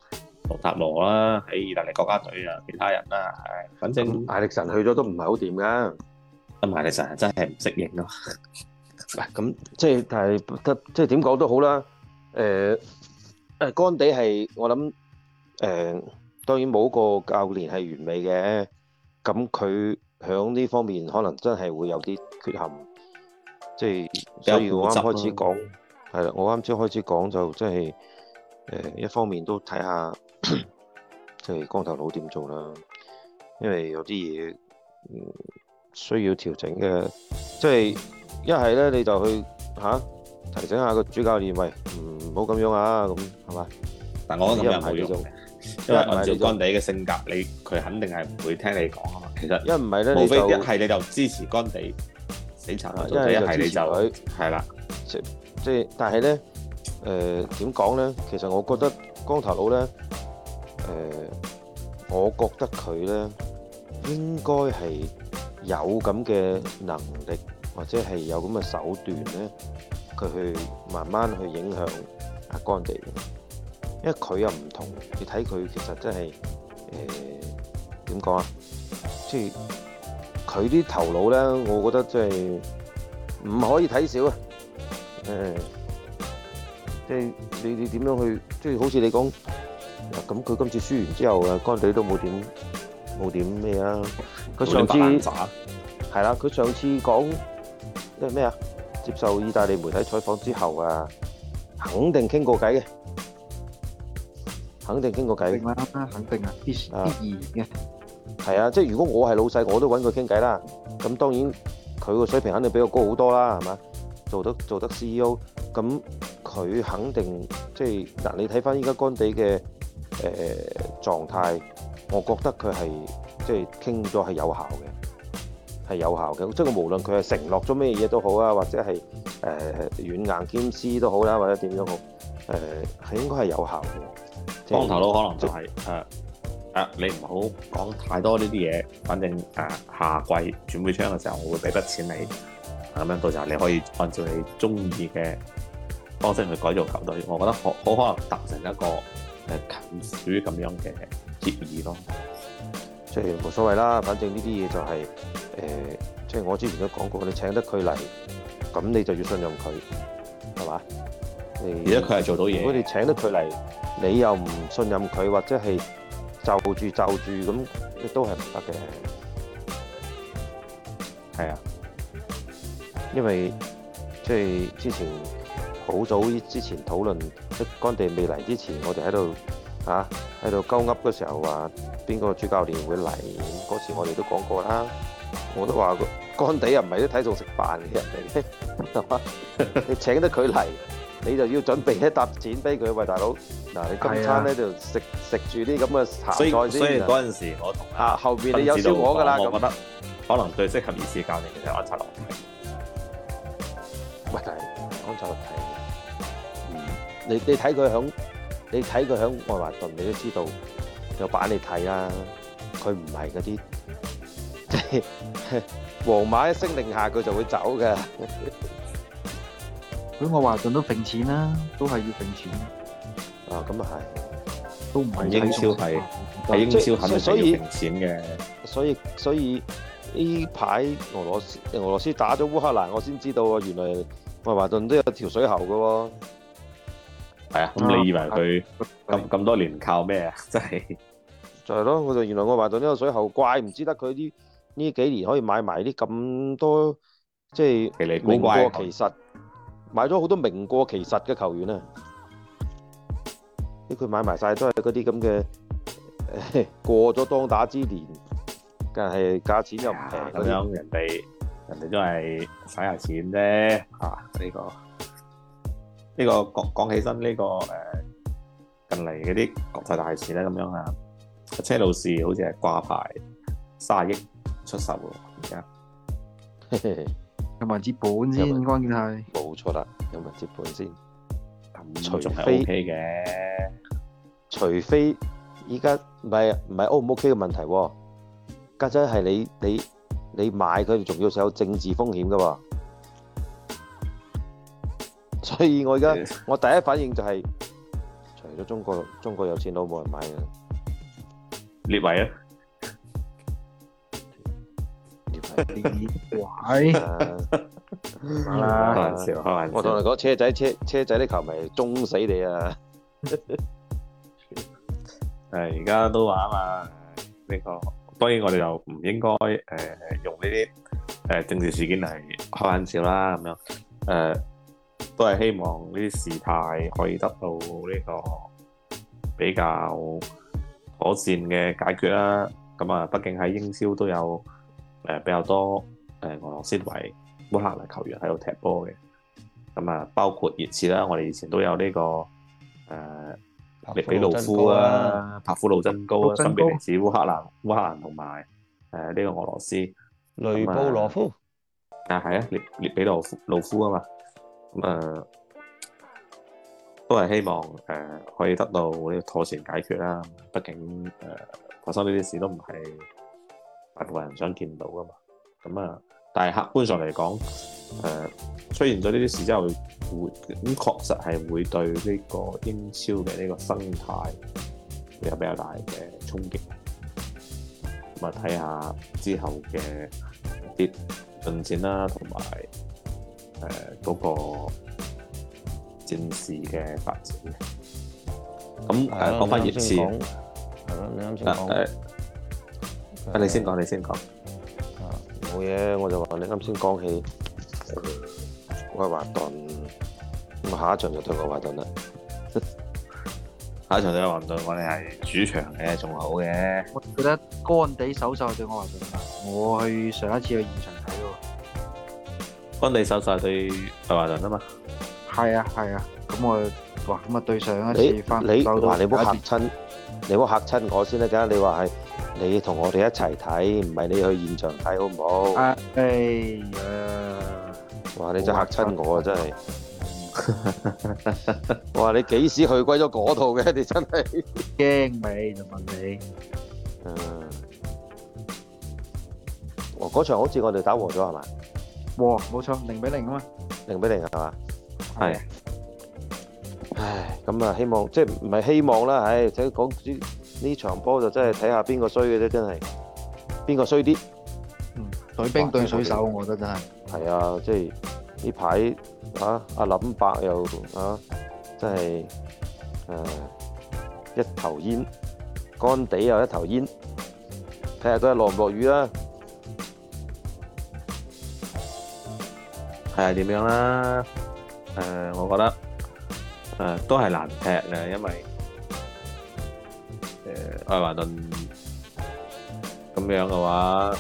洛塔羅啦，喺意大利國家隊啊其他人啦，唉，反正艾力神去咗都唔係好掂噶，咁艾力神真係唔適應咯。唔係咁，即係但係得，即係點講都好啦。誒誒，干地係我諗誒，當然冇個教練係完美嘅，咁佢。喺呢方面可能真係會有啲缺陷，即係所以我啱開始講，係啦，啊，我啱先開始講就即係，誒、呃，一方面都睇下即係光頭佬點做啦，因為有啲嘢、呃、需要調整嘅，即係一係咧你就去吓、啊、提醒下個主教練，喂，唔好咁樣啊，咁係嘛？但係我一咁呢冇因為按照干地嘅性格，你佢肯定係唔會聽你講啊嘛。其實因為唔係咧，無非一係你就支持干地死撐啊，一係你就去係啦。即即係但係咧，誒點講咧？其實我覺得光頭佬咧，誒我覺得佢咧應該係有咁嘅能力，或者係有咁嘅手段咧，佢去慢慢去影響阿干地。因為佢又唔同，你睇佢其實真係誒點講啊？即係佢啲頭腦呢，我覺得真係唔可以睇少啊！誒，即係你你點樣去？即係好似你講咁，佢今次輸完之後你啊，干地都冇點冇點咩啊？佢上次係啦，佢上次講咩啊？接受意大利媒體採訪之後啊，肯定傾過偈嘅。肯定傾過偈肯定，肯定啊，必然嘅係啊。即係如果我係老細，我都揾佢傾偈啦。咁當然佢個水平肯定比我高好多啦，係嘛？做得做得 CEO，咁佢肯定即係嗱。你睇翻依家干地嘅誒狀態，我覺得佢係即係傾咗係有效嘅，係有效嘅。即、就、係、是、無論佢係承諾咗咩嘢都好啊，或者係誒、呃、軟硬兼施都好啦，或者點樣好誒，係、呃、應該係有效嘅。光頭佬可能就係誒誒，你唔好講太多呢啲嘢。反正誒，夏、啊、季轉會窗嘅時候，我會俾筆錢你，咁、啊、樣到時候你可以按照你中意嘅方式去改造球隊。我覺得好好可能達成一個誒、啊、近似咁樣嘅協議咯。即係冇所謂啦，反正呢啲嘢就係、是、誒、呃，即係我之前都講過，你請得佢嚟，咁你就要信任佢，係嘛？而家佢係做到嘢。我哋你請得佢嚟，你又唔信任佢，或者係就住就住咁，都係唔得嘅。係啊，因為即係、就是、之前好早之前討論，干地未嚟之前，我哋喺度嚇喺度鳩噏嘅時候話，邊個主教練會嚟？嗰時我哋都講過啦，我都話干地又唔係啲睇餸食飯嘅人嚟嘅， 你請得佢嚟？ 你就要準備一沓錢俾佢喂，大佬嗱，你今餐咧就食食住啲咁嘅鹹菜先，所以所以嗰時我、啊，我同啊後邊，你有燒我㗎啦，我覺得、嗯、可能最適合意思教你嘅就安察洛喂，但係安察洛係，你你睇佢響你睇佢響愛華頓，你都知道有板你睇啦，佢唔係嗰啲即係皇馬一聲令下佢就會走嘅。 如、哦、愛華頓都揈錢啦，都係要揈錢。啊、哦，咁啊係，都唔係。英超，係係英超，肯定要揈錢嘅。所以所以呢排俄羅斯俄羅斯打咗烏克蘭，我先知道原來愛華頓都有條水喉嘅喎。係啊，咁、嗯、你以為佢咁咁多年靠咩啊？真係就係、是、咯，我就原來愛華頓呢個水喉怪唔知得佢啲呢幾年可以買埋啲咁多，即、就、係、是、奇奇怪怪其實。啊嗯買咗好多名過其實嘅球員啊，佢買埋晒都係嗰啲咁嘅，過咗當打之年，但係價錢又唔平咁樣，人哋都係省下錢的這呢個這個講起身呢個誒近嚟嗰啲國際大事呢，這樣啊、這個這個這個，車路士好似係掛牌三十億出售喎而家。 有冇接盤先，關鍵係冇錯啦，有冇接盤先。咁除非嘅，除非依家，唔係唔係 O 唔 OK 嘅、OK、問題、啊，家陣係你你你買佢仲要有政治風險噶、啊，所以我而家我第一反應就係、是，除咗中國，中國有錢佬冇人買嘅，你買啊？開玩笑，開玩笑！我同你講車仔車車仔啲球迷鍾死你啊！誒，而家都話啊嘛，呢個當然我哋又唔應該誒用呢啲誒政治事件嚟開玩笑啦。咁樣誒，都係希望呢啲事態可以得到呢個比較妥善嘅解決啦。咁啊，畢竟喺英超都有。誒比較多誒俄羅斯為烏克蘭球員喺度踢波嘅，咁啊，包括熱刺啦，我哋以前都有呢、這個誒列比魯夫啊，帕夫洛增高啊，甚至、啊、烏克蘭烏克蘭同埋誒呢個俄羅斯、呃、雷布羅夫，啊係啊列列比魯夫魯夫啊嘛，咁、嗯、誒、呃、都係希望誒、呃、可以得到呢個妥善解決啦、啊，畢竟誒發生呢啲事都唔係外國人想見到啊嘛，咁啊，但係客觀上嚟講，誒，出現咗呢啲事之後，會咁確實係會對呢個英超嘅呢個生態有比，比較大嘅衝擊。咁啊，睇下之後嘅啲進展啦，同埋誒嗰個戰事嘅發展。咁誒，講翻熱刺。係、啊、咯，你啱先講。誒、啊。啊啊！你先講，你先講。冇嘢，我就話你啱先講起，我係華頓，咁啊下一場就對個華頓啦。下一場對華頓，我哋係主場嘅，仲好嘅。我記得干地首秀對個華頓。我去上一次去現場睇喎。干地首秀對係華頓啊嘛？係啊係啊，咁我話咁啊對上一次翻唔夠多，吓跌親。你冇嚇親我先啦，等下你話係你同我哋一齊睇，唔係你去現場睇好唔好？啊，哎呀！哇，你真係嚇親我啊，真係！哇，你幾時去歸咗嗰套嘅？你真係驚未就問你。嗯。哇，嗰場好似我哋打和咗係嘛？哇，冇錯，零比零啊嘛。零比零係嘛？係。唉，咁啊，希望即係唔係希望啦，唉，即講呢，呢場波就真係睇下邊個衰嘅啫，真係邊個衰啲，嗯，水兵對水手，我覺得真係，係啊，即係呢排啊，阿林伯又啊，真係誒、啊、一頭煙，乾地又一頭煙，睇下佢落唔落雨啦，睇下點樣啦，誒，我覺得。啊、都係難踢嘅，因為誒愛華頓咁樣嘅話，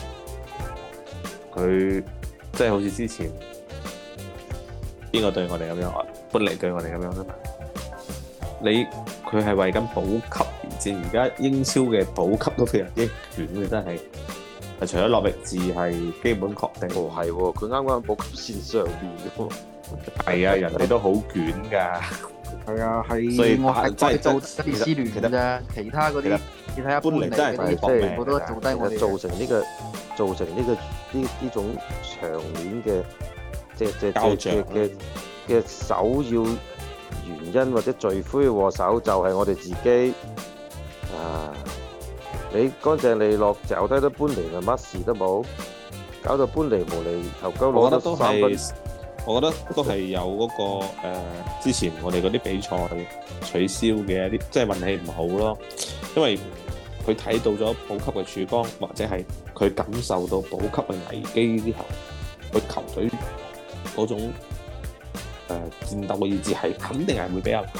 佢即係好似之前邊個對我哋咁樣？布利對我哋咁樣啦。你佢係為緊保級而戰，而家英超嘅保級都非常之捲嘅真係。係除咗諾域治係基本確定係哦，哦係，佢啱啱保級線上邊嘅喎，係啊，人哋都好捲㗎。嗯 係啊，係我係做列斯聯嘅啫，其他嗰啲，你睇一搬嚟嗰啲，即係全部都係造成呢個，造成呢個，呢呢種場面嘅，即係即係即係嘅嘅首要原因或者罪魁禍首就係我哋自己。啊，你乾淨利落就睇得搬嚟咪乜事都冇，搞到搬嚟無厘頭鳩攞得三分。我覺得都係有嗰、嗰個、呃、之前我哋嗰啲比賽取消嘅一啲，即係運氣唔好咯。因為佢睇到咗保級嘅曙光，或者係佢感受到保級嘅危機之後，佢球隊嗰種、呃、戰戰鬥嘅意志係肯定係會比較強。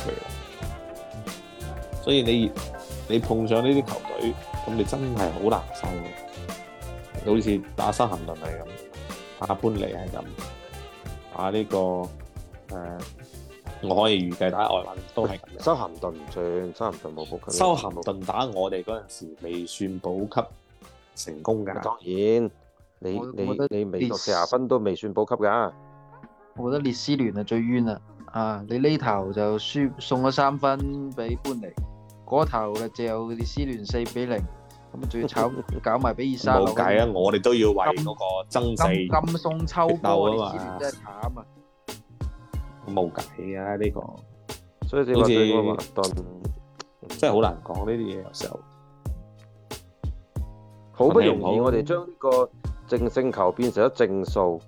所以你，你碰上呢啲球隊，咁你真係好難受嘅，好似打西咸聯嚟咁，打潘尼係咁。啊！呢、這個誒、啊，我可以預計，打外文都係咁。修咸頓唔算，修咸頓冇保級。修咸頓打我哋嗰陣時未算保級成功㗎。當然，你你你未得四十分都未算保級㗎。我覺得列斯聯啊最冤啦啊！你呢頭就輸送咗三分俾般尼，嗰頭嘅就有列斯聯四比零。咁最慘，搞埋俾二生。冇解，那個啊、解啊！我哋都要為嗰個爭氣、金金松秋斗啊嘛！呢段真係慘啊！冇計啊呢個，所以好似真係好難講呢啲嘢有時候。好不容易我哋將呢個淨勝球變成咗正數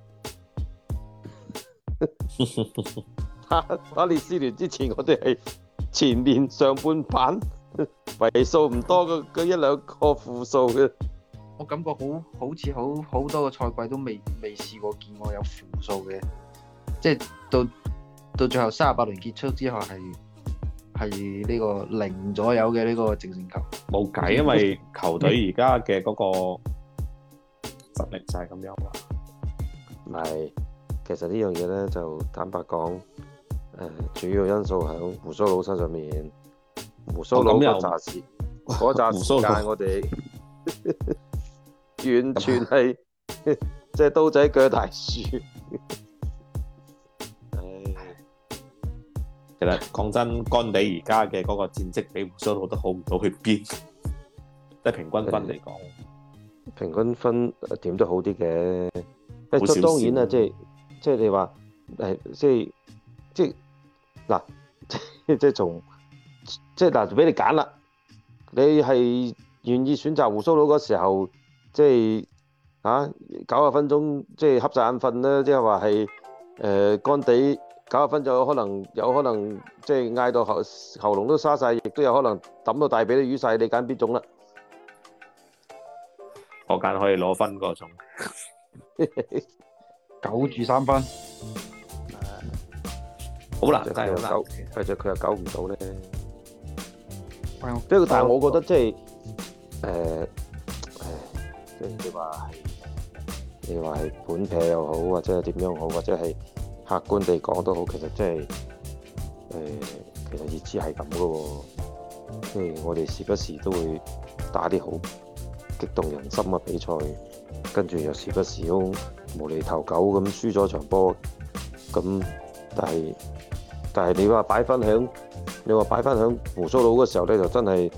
打打列斯聯之前我哋係前年上半版。為數唔多嘅，嗰一兩個負數嘅，我感覺好好似好好多個賽季都未未試過見過我有負數嘅，即係到到最後三十八輪結束之後，係係呢個零左右嘅呢個淨勝球，冇計，因為球隊而家嘅嗰個實力就係咁樣啦。係，其實呢樣嘢咧就坦白講，誒、呃，主要因素喺胡蘇老身上面。胡鬚佬嗰陣時，嗰陣時間我哋完全係即係刀仔鋸大樹。 唉，其實講真，乾地而家嘅嗰個戰績比胡鬚佬都好唔到去邊？即係平均分嚟講，平均分點都好啲嘅。即係當然啦，即係即係你話誒，即係即係嗱，即係從。就是說即係嗱，就俾你揀啦。你係願意選擇胡鬚佬嗰時候，即係啊九十分鐘，即係瞌晒眼瞓啦。即係話係誒乾地九十分鐘，就可能有可能即係嗌到喉喉嚨都沙晒，亦都有可能抌到大髀都瘀晒。你揀邊種啦？我揀可以攞分嗰種，九至三分。好啦，就係九，或者佢又九唔到咧。但係我覺得即係誒，即係、呃、你話你話係本平又好，或者係點樣好，或者係客觀地講都好，其實即係誒，其實熱刺係咁噶喎。即係我哋時不時都會打啲好激動人心嘅比賽，跟住又時不時都無厘頭狗咁輸咗場波，咁但係。但係你話擺翻響，你話擺翻響胡鬚佬嘅時候咧，就真係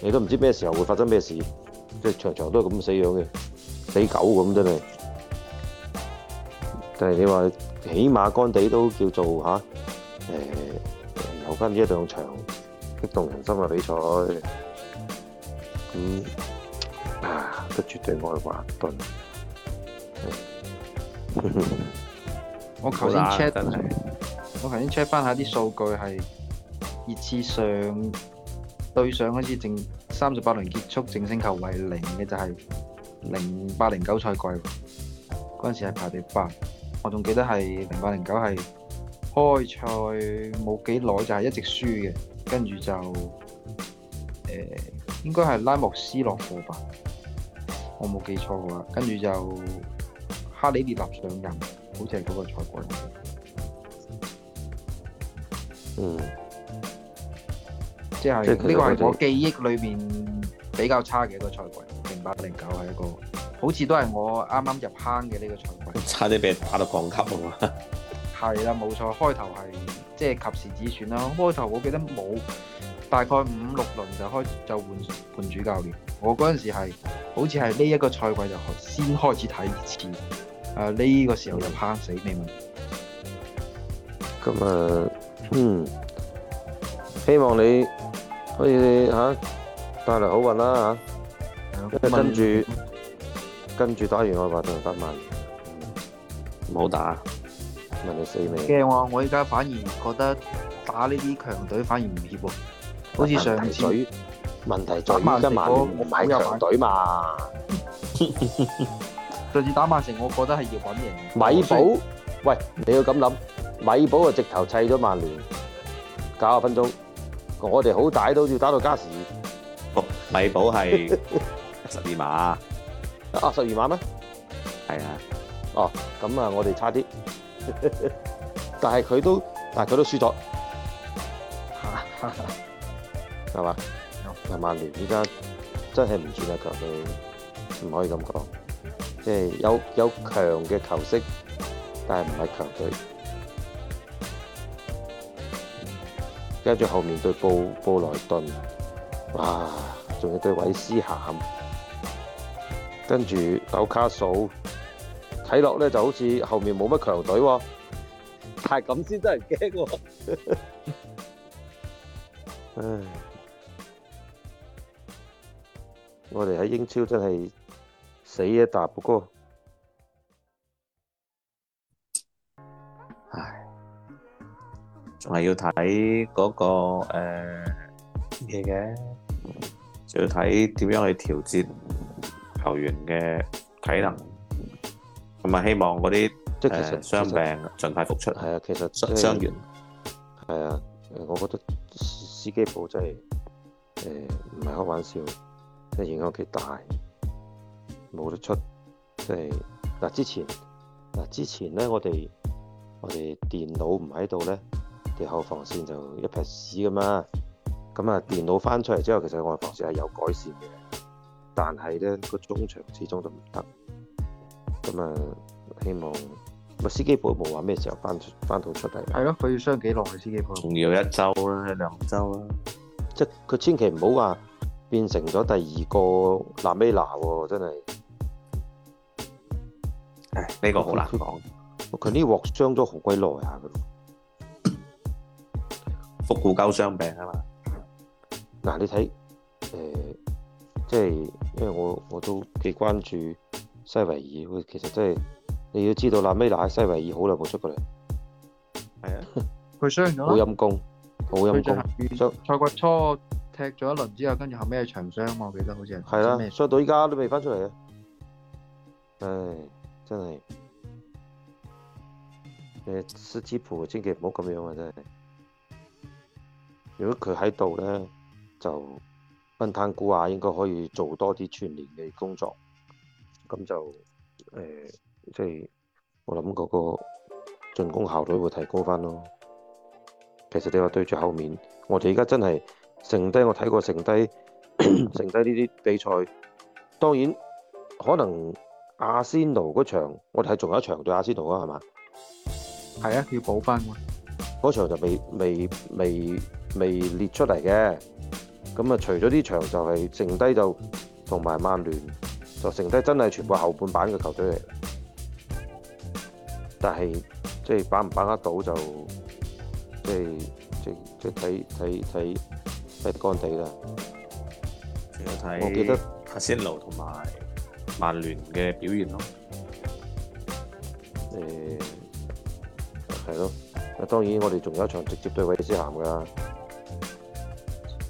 你都唔知咩時候會發生咩事，即係場場都係咁死樣嘅，死狗咁真係。但係你話起碼乾地都叫做吓，誒、啊呃、有翻一兩場激動人心嘅比賽，咁、嗯、啊都絕對愛華頓。頓 我頭先 check 緊佢。 我頭先 check 翻下啲數據，係熱刺上對上嗰次正三十八輪結束正勝球為零嘅就係零八零九賽季，嗰陣時係排第八。我仲記得係零八零九係開賽冇幾耐就係、是、一直輸嘅，跟住就誒、欸、應該係拉莫斯落貨吧，我冇記錯嘅話。跟住就哈里列納上任，好似係嗰個賽季。嗯，即係呢個係我記憶裏面比較差嘅一個賽季，零八零九係一個，嗯、好似都係我啱啱入坑嘅呢個賽季，差啲俾打到降級啊！係、嗯、啦，冇 錯，開頭係即係及時止損啦，開頭我記得冇大概五六輪就開就換換主教練，我嗰陣時係好似係呢一個賽季就先開始睇，誒、呃、呢、這個時候入坑、嗯、死你嘛，咁啊。嗯嗯嗯嗯，希望你可以吓帶、嗯啊、來好運啦吓，跟住跟住打完我話就有得唔好打、嗯、打問你死未？驚我，我而家反而覺得打呢啲強隊反而唔怯喎，好似上次問題在於今晚，我買強隊嘛，上 次打曼城我覺得係要穩贏，米堡喂你要咁諗。米堡啊，直頭砌咗曼聯九十分鐘，我哋好大都要打到加時。 米堡係十二碼啊，十二碼咩？係啊，哦咁啊，我哋差啲，但係佢都但係佢都輸咗，係 嘛？係曼聯而家真係唔算係強隊，唔可以咁講，即、hey, 係有有強嘅球色，但係唔係強隊。跟住後面對布布萊頓，哇，仲有對韋斯咸，跟住紐卡素，睇落咧就好似後面冇乜強隊喎，係咁先真係驚喎，唉，我哋喺英超真係死嘢打不過，唉。仲係要睇嗰、個誒嘢嘅，呃、仲要睇點樣去調節球員嘅體能，同埋希望嗰啲即係傷病盡快復出。係啊，其實傷、即係、員係啊，我覺得司機部真係誒唔係開玩笑，即係影響幾大，冇得出，即、就、嗱、是呃、之前嗱之前呢，我哋我哋電腦唔喺度裏呢。後防線就一撇屎咁啊！咁、嗯、啊，電腦翻出嚟之後，其實我嘅防線係有改善嘅，但係咧個中場始終都唔得。咁、嗯、啊，希望。司基普冇話咩時候翻翻到出嚟？係咯，佢要傷幾耐？司基普仲要一周啦，兩週啦。即係佢千祈唔好話變成咗第二個娜美娜喎！真係。呢、哎這個好難講。佢呢鑊傷咗好鬼耐下腹股溝傷病啊嘛，嗱你睇，誒、呃，即係因為我我都幾關注西維爾，其實真係，你要知道啦，米拉喺西維爾好耐冇出過嚟，係啊，佢傷咗啦，好陰功，好陰功，賽賽季初踢咗一輪之後，跟住後尾係長傷嘛，我記得好似係啦，所以到依家都未翻出嚟啊，唉，真係，誒、斯基普千祈唔好咁樣啊真係。如果佢喺度咧，就奔騰古亞應該可以做多啲全年嘅工作，咁就、呃、即係我諗嗰個進攻效率會提高翻咯。其實你話對住後面，我哋而家真係剩低，我睇過剩低，剩 低呢啲比賽，當然可能亞仙奴嗰場，我哋係仲有一場對亞仙奴啊，係嘛？係啊，要補翻喎。嗰場就未未未。未列出嚟嘅咁啊，除咗呢場就係剩低就同埋曼聯就剩低，真係全部後半板嘅球隊嚟。但係即係把握唔把握到就即係即即睇睇睇睇乾地啦。我睇我記得阿仙奴同埋曼聯嘅表現咯。誒係咯，啊當然我哋仲有一場直接對韋斯咸㗎。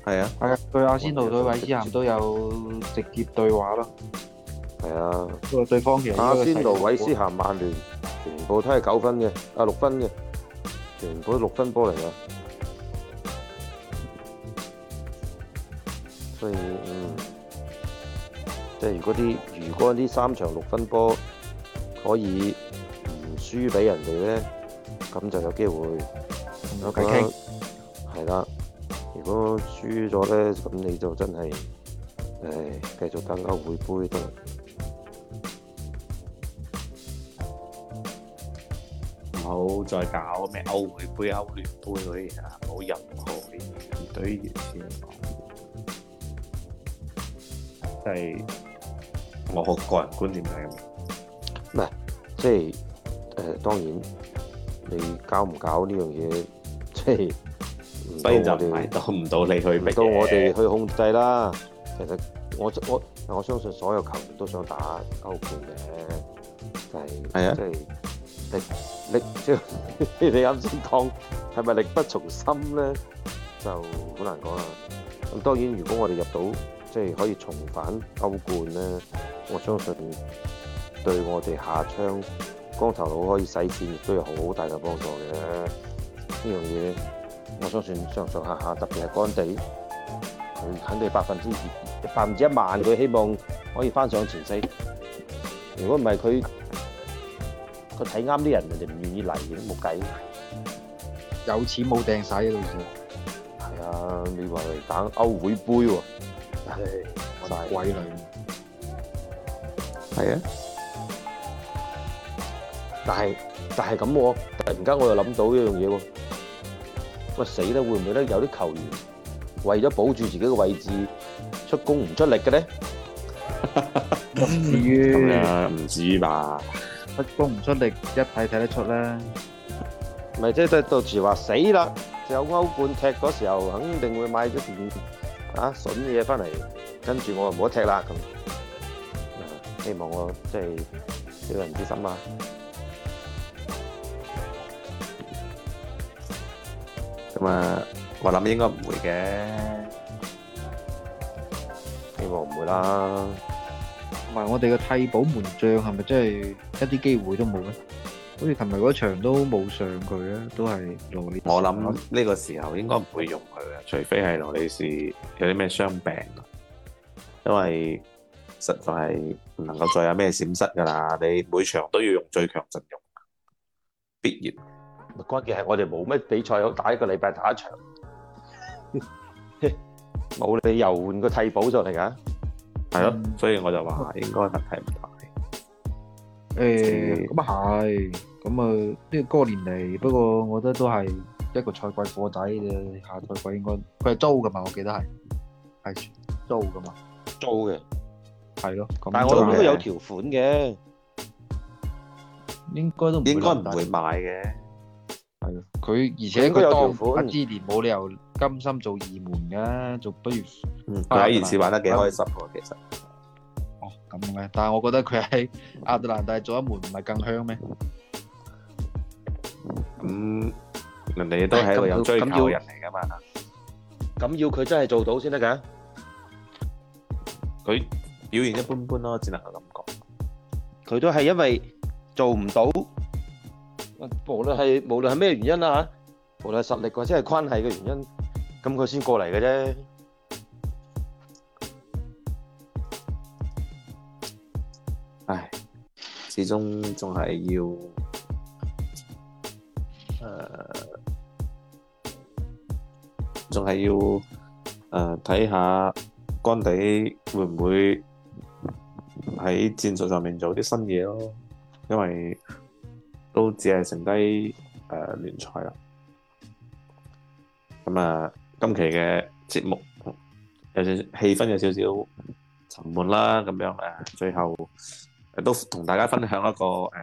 係啊，對阿仙奴隊、韋斯咸都有直接對話咯。係啊，對方嘅阿仙奴、韋斯咸、曼聯全部都係九分嘅，啊六分嘅，全部都六分波嚟噶。所以，嗯，即係如果啲如果呢三場六分波可以唔輸俾人哋呢，咁就有機會。繼續傾，係啦。如果輸咗咧，咁你就真係誒繼續參加歐會盃得，唔好再搞咩歐聯杯、歐聯杯嗰啲嘢啊！冇任何嘅，對於現時嚟講，即係我個人觀點嚟嘅。唔係，即係誒，當然你搞唔搞呢樣嘢，即係。所以不然就係到唔到你去，唔到我哋去控制啦。其實我我我相信所有球員都想打歐冠嘅，就係、是就是、即係力力即你啱先講係咪力不從心咧？就好難講啦。咁當然，如果我哋入到即係、就是、可以重返歐冠咧，我相信對我哋下窗光頭佬可以使錢亦都有好大嘅幫助嘅呢樣嘢。我相信上上下下，特別係乾地，佢肯定百分之二、百分之一萬，佢希望可以翻上前四。如果唔係佢，佢睇啱啲人，人哋唔願意嚟嘅，冇計。有錢冇掟曬你以時係啊，你話歐會杯喎，曬鬼嚟。啊，係但係但係咁喎，突然間我又諗到一樣嘢喎。咁死啦，會唔會咧有啲球員為咗保住自己嘅位置，出工唔出力嘅咧？唔至於啊，唔至於吧。出工唔出力一睇睇得出啦。咪即係到時話死啦，就有歐冠踢嗰時候，肯定會買咗件啊筍嘅嘢翻嚟，跟住我就唔好踢啦。咁希望我即係少人知心啊！咁啊，我諗應該唔會嘅，希望唔會啦。同埋我哋嘅替補門將係咪真係一啲機會都冇咧？好似琴日嗰場都冇上佢咧，都係用呢。我諗呢個時候應該唔會用佢嘅，除非係羅里斯有啲咩傷病啦。因為實在係唔能夠再有咩閃失噶啦，你每場都要用最強陣容，必然。關鍵係我哋冇咩比賽，好打一個禮拜打一場，冇 理由換個替補上嚟噶，係咯、嗯，所以我就話應該問題唔大。誒、嗯，咁啊係，咁啊呢個過年嚟，不過我覺得都係一個賽季貨仔嘅，下賽季應該佢係租噶嘛，我記得係係租噶嘛，租嘅係咯，但係我諗應該有條款嘅，應該都應該唔會賣嘅。佢而且佢當打之年冇理由甘心做二門嘅，做不如嗯睇件事玩得幾開心喎、啊，其實哦咁嘅，但係我覺得佢喺阿特蘭大做一門唔係更香咩？咁、嗯、人哋都係一個有追求嘅人嚟噶嘛？咁要佢真係做到先得噶，佢表現一般般咯，只能咁講。佢都係因為做唔到。無論係無論係咩原因啦吓，無論係實力或者係關係嘅原因，咁佢先過嚟嘅啫。唉，始終仲係要誒，仲係要誒，睇下干地會唔會喺戰術上面做啲新嘢咯，因為。都只係剩低誒聯賽啦。咁啊、呃，今期嘅節目有少少氣氛，有少少沉悶啦。咁樣誒、呃，最後、呃、都同大家分享一個誒、呃、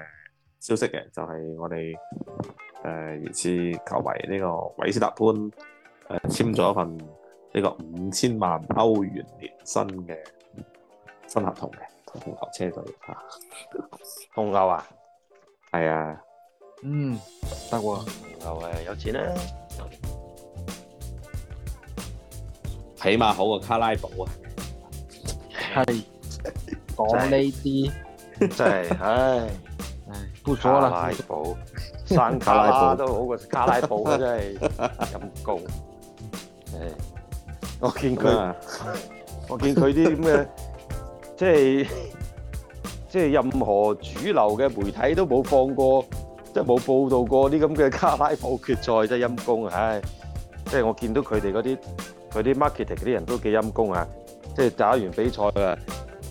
消息嘅，就係、是、我哋誒熱刺求為呢個韋斯特潘誒、呃、簽咗一份呢個五千萬歐元年薪嘅新合同嘅紅牛車隊啊！紅牛啊，係啊！嗯，得喎、啊，又誒有錢啦，起碼好過、啊、卡拉寶啊，係講呢啲，真係，唉，唉，不說了，卡拉寶，山卡拉巴、啊、都好過卡拉寶， 真係咁高，唉， 我見佢他，啊， 我見佢啲咁嘅，即係即係任何主流嘅媒體都冇放過。即係冇報道過啲咁嘅卡拉寶決賽，真係陰功。唉，即係我見到佢哋嗰啲佢啲 marketing 嗰啲人都幾陰功啊！即係打完比賽啊，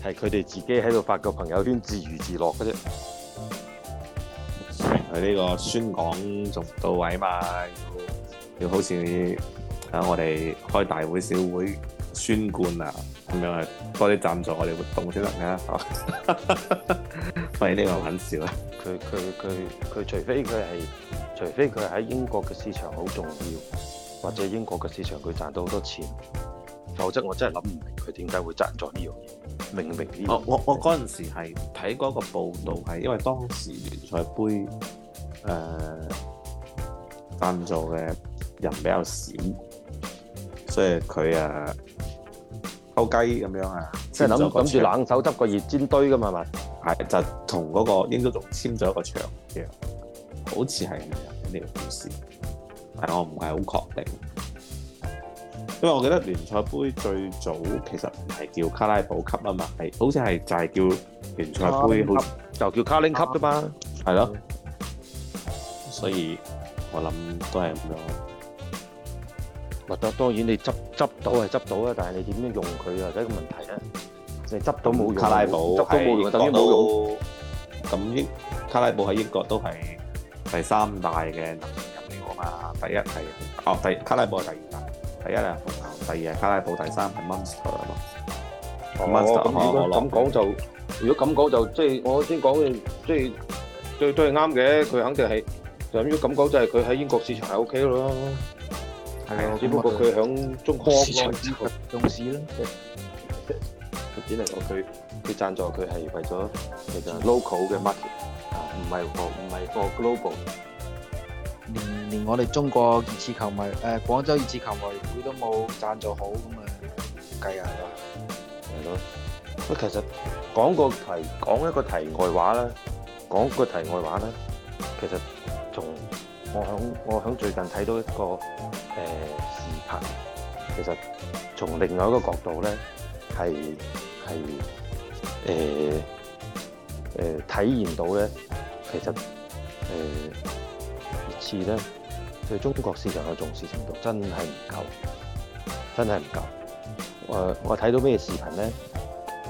係佢哋自己喺度發個朋友圈自娛自樂嘅啫。佢、這、呢個宣講仲到位嘛？要好似啊，我哋開大會小會宣貫啊！咁樣係多啲贊助我哋活動先得噶，反而呢個很少啦。佢佢佢佢，除非佢係，除非佢喺英國嘅市場好重要，或者英國嘅市場佢賺到好多錢，否則我真係諗唔明佢點解會贊助呢樣嘢。明唔明？我我我嗰陣時係睇過一個報導，係因為當時聯賽杯誒、呃、贊助嘅人比較少，所以佢誒。啊偷雞咁樣啊！即係諗諗住冷手執個熱煎堆㗎嘛，係就同嗰個英足總簽咗一個場嘅，好似係咁樣一條故事，但係我唔係好確定，因為我記得聯賽杯最早其實唔係叫卡拉寶級啊嘛，係好似係就係叫聯賽杯好卡級，就叫 Carling Cup 啫嘛，係、啊、咯，所以我諗都係咁樣唔得，當然你執執到係執到啊，但係你點樣用佢啊？係一個問題啊！你執到冇用，卡拉布執到冇用就等於冇用。咁英卡拉布喺英國都係第三大嘅能量飲料啊嘛！第一係哦，第卡拉布係第二啊，第一係鳳爪，第二係卡拉布，第三係 Monster 啊嘛。哦，咁如果咁講就，如果咁講就即係我先講嘅，即係最都係啱嘅。佢肯定係就咁樣講，就係佢喺英國市場係 OK 咯。係啊，只不過佢響中國市場用市啦。只能夠佢，佢讚助佢係為咗其實 local 嘅 market，唔係個唔係個 global。連連我哋中國二次球迷，誒、呃、廣州二次球迷會都冇讚助好咁啊，計下係嘛？係咯。喂、嗯，其實講個題，講一個題外話啦，講個題外話啦，其實仲。我響我響最近睇到一個、呃、視頻，其實從另外一個角度咧，係係、呃呃、體驗到咧，其實誒、呃、熱刺咧對中國市場嘅重視程度真係唔夠，真係唔夠。我我睇到咩視頻咧？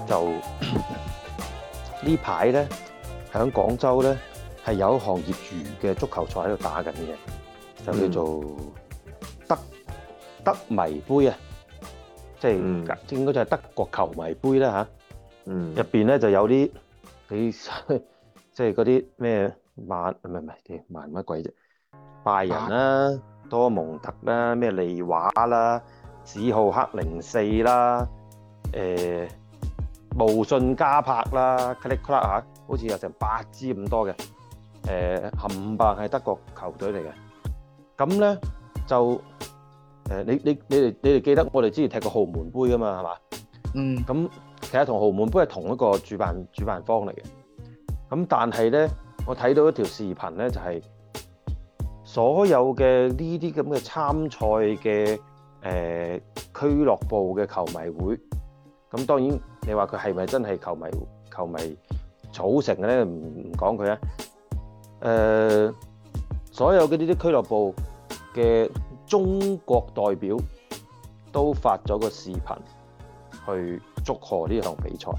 就呢排咧喺廣州咧。係有一項業餘嘅足球賽喺度打緊嘅，就叫做德、嗯、德迷杯啊，即係、嗯、應該就係德國球迷杯啦、啊、吓嗯，入邊咧就有啲你 即係嗰啲咩萬唔係唔係萬乜鬼啫、啊？拜仁啦、啊啊、多蒙特啦、啊、咩利華啦、啊、史浩克零四啦、啊、誒、欸、無信加柏啦，click click 嚇，好似有成八支咁多嘅。誒冚唪唥係德國球隊嚟嘅，咁咧就誒你你你哋你哋記得我哋之前踢過豪門杯啊嘛，係嘛？嗯，咁其實同豪門杯係同一個主辦主辦方嚟嘅。咁但係咧，我睇到一條視頻咧，就係、是、所有嘅呢啲咁嘅參賽嘅誒、呃、俱樂部嘅球迷會。咁當然你話佢係咪真係球迷球迷組成嘅咧？唔唔講佢啊！誒、呃，所有嘅呢啲俱樂部嘅中國代表都發咗個視頻去祝賀呢項比賽，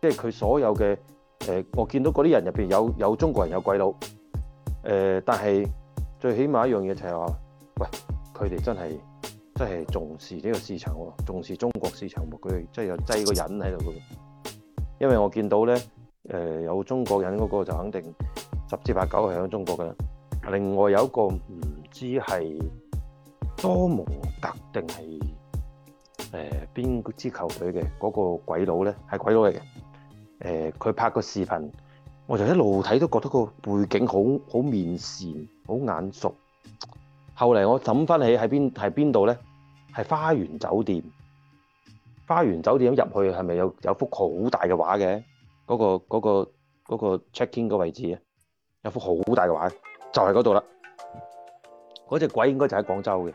即係佢所有嘅、呃、我見到嗰啲人入面有有中國人有鬼佬，呃，但係最起碼一樣嘢就係話喂佢哋真係真係重視呢個市場，哦，重視中國市場，哦，佢哋真係有擠個人喺度嘅，因為我見到呢誒、呃，有中國人嗰個就肯定十之八九係響中國噶啦。另外有一個唔知係多蒙特定係誒邊支球隊嘅嗰個鬼佬呢？係鬼佬嚟嘅。誒、呃，佢拍個視頻，我就一路睇都覺得個背景好好面善，好眼熟。後嚟我諗翻起喺邊喺邊度咧，係花園酒店。花園酒店入去係咪有有幅好大嘅畫嘅？嗰、那個嗰個嗰個 check-in 個位置啊，有幅好大嘅畫，就係嗰度啦。嗰隻鬼應該就喺廣州嘅，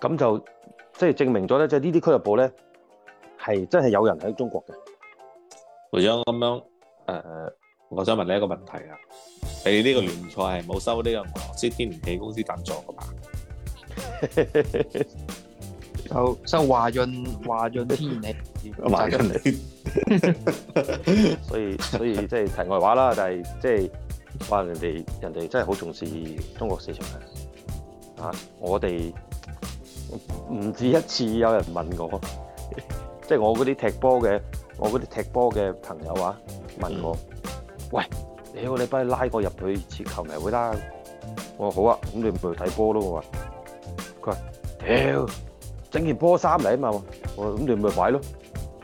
咁就即係證明咗咧，即係呢啲俱樂部咧係真係有人喺中國嘅。或者我咁樣誒、呃，我想問你一個問題啊，你呢個聯賽係冇收呢個俄羅斯天然氣公司贊助噶嘛？ 收收華潤華潤啲錢嚟，我買緊你 所。所以所以即係題外話啦，但係即係話人哋人哋真係好重視中國市場嘅。吓、啊，我哋唔止一次有人問我，即、就、係、是、我嗰啲踢波嘅，我嗰啲踢波嘅朋友啊，問我：，嗯、喂，你我哋不如拉我入去設球迷會啦。我話好啊，咁你唔去睇波咯。我話佢話屌。整件波衫嚟啊嘛！我咁你咪擺咯。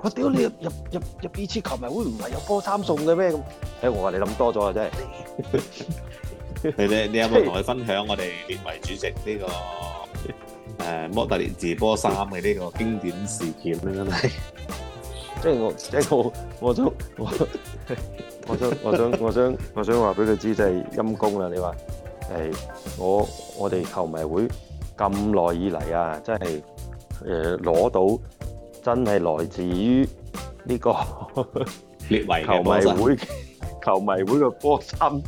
我屌你入入入入呢次球迷會唔係有波衫送嘅咩？咁，哎，我話你諗多咗啊！真係。你你你有冇同佢分享我哋聯為主席呢個誒莫特列治波衫嘅呢個經典事件咧？真係。即係我即係我我想我我想我想我想我想話俾佢知，就係陰功啦！你話誒，我我哋球迷會咁耐以嚟啊，真係。誒，攞到真係來自於呢個球迷會球迷會嘅波衫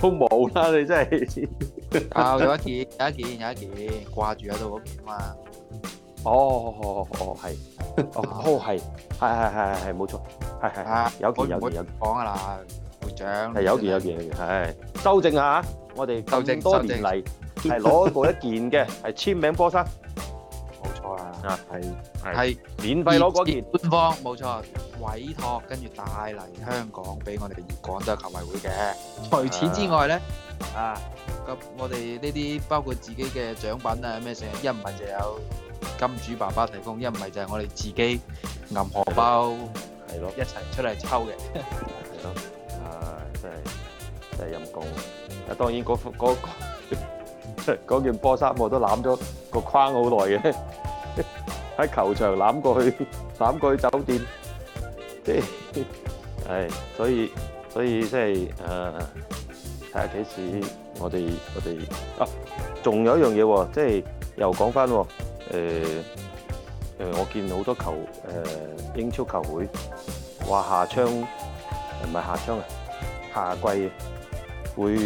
都冇啦！你真係啊，有一件，有一件，有一件掛住喺度嗰件啊嘛。哦哦哦，係哦係係係係係冇錯，係係有件有件有講啊啦，會長係有件有件有件係。修正下，我哋咁多年嚟係攞過一件嘅，係簽名波衫。冇錯啊，係係免費攞嗰件，官方冇錯委託跟住帶嚟香港俾我哋粵港足球迷會嘅。除此之外咧，啊，咁我哋呢啲包括自己嘅獎品啊，咩剩，一唔係就有金主爸爸提供，一唔係就係我哋自己銀荷包，係咯，一齊出嚟抽嘅，係咯，啊，真係真係陰功。啊，當然嗰副嗰嗰件波衫我都攬咗個框好耐嘅。喺球場攬過去，攬過去酒店，即係係，所以所以即係誒，睇下幾時我哋我哋啊，仲有一樣嘢喎，即係又講翻喎，誒誒，我見好多球誒英超球會話夏窗唔係夏窗啊，夏季會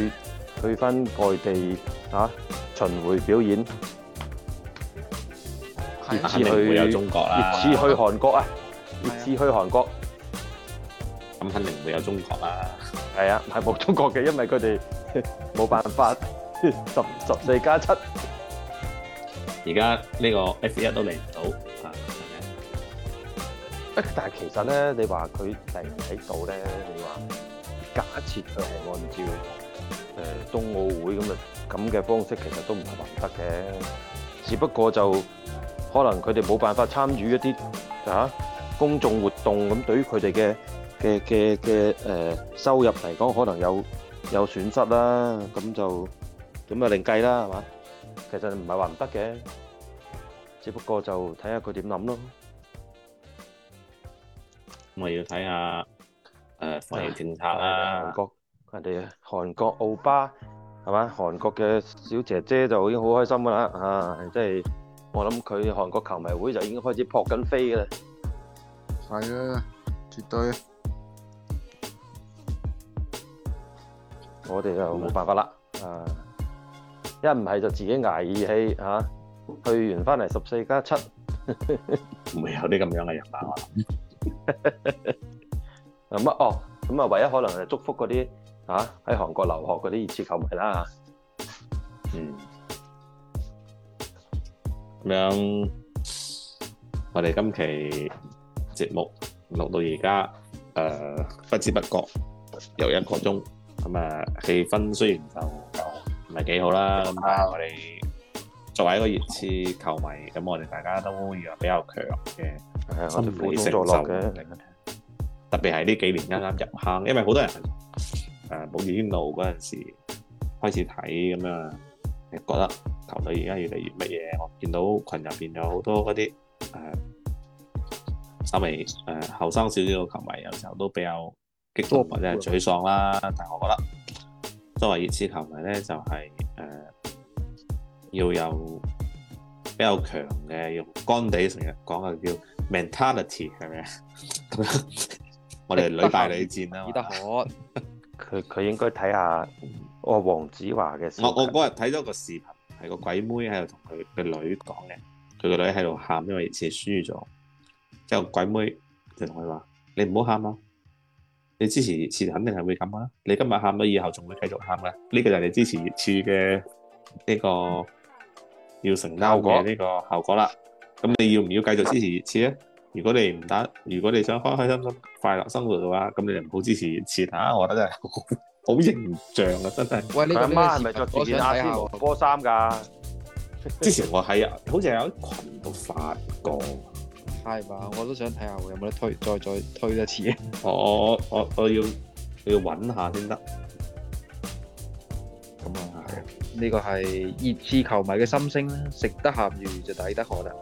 去翻外地啊巡迴表演。熱刺去會有中國，熱刺去韓國啊！熱刺去韓國，咁肯定會有中國啦。係啊，係冇中國嘅，因為佢哋冇辦法十十四加七。而家呢個 F1 都嚟唔到啊！但係其實咧，你話佢嚟唔喺度咧，你話假設佢係按照誒冬奧會咁嘅咁嘅方式，其實都唔係唔得嘅，只不過就。可能佢哋冇辦法參與一啲嚇、啊、公眾活動，咁對於佢哋嘅嘅嘅嘅誒收入嚟講，可能有有損失啦。咁就咁啊，另計啦，係嘛？其實唔係話唔得嘅，只不過就睇下佢點諗咯。我要睇下誒防疫政策啦。韓國人哋，韓國歐巴係嘛？韓國嘅小姐姐就已經好開心噶啦啊！真係～我諗佢韓國球迷會就已經開始撲緊飛嘅啦，係啦，絕對。我哋就冇辦法啦、嗯，啊！一唔係就自己挨熱氣吓，去完翻嚟十四加七，唔 會有啲咁樣嘅人 啊！咁啊哦，咁啊唯一可能係祝福嗰啲啊喺韓國留學嗰啲熱刺球迷啦、啊、嗯。咁、嗯、樣，我哋今期節目錄到而家，誒、呃，不知不覺又一個鐘。咁氣氛雖然就唔係幾好、嗯、啦，我哋作為一個熱刺球迷，咁我哋大家都一樣比較強嘅，苦中作樂，特別係呢幾年啱啱入坑，嗯、因為好多人誒保煙爐嗰陣時候開始睇你覺得球隊而家越嚟越乜嘢？我見到群入邊有好多嗰啲，誒、呃，稍微誒後生少少嘅球迷，有時候都比較激動或者係沮喪啦。但係我覺得作為熱刺球迷咧，就係、是、誒、呃、要有比較強嘅，要乾地成日講嘅叫 mentality 係咪啊？咁樣 我哋女大女戰啦。李德可佢佢應該睇下。哦、王華我黃子華嘅我我嗰日睇咗個視頻，係個鬼妹喺度同佢嘅女講嘅，佢個女喺度喊，因為熱刺輸咗，之後鬼妹就同佢話，你唔好喊啊！你支持熱刺肯定係會咁啊！你今日喊咗，以後仲會繼續喊嘅。呢、這個就係你支持熱刺嘅呢個、嗯、要承擔嘅呢個效果啦。咁你要唔要繼續支持熱刺啊？如果你唔打，如果你想開開心心快樂生活嘅話，咁你就唔好支持熱刺。打。」我覺得真係。好形象啊！真喂，真，阿媽係咪着住件阿哥衫㗎？之前我喺，好似喺群度發過，係嘛？我都想睇下，有冇得推？再再推一次。 我我我我要我要揾下先得。咁、嗯、啊，係、嗯。呢個係熱刺球迷嘅心聲啦，食得鹹魚就抵得渴啦。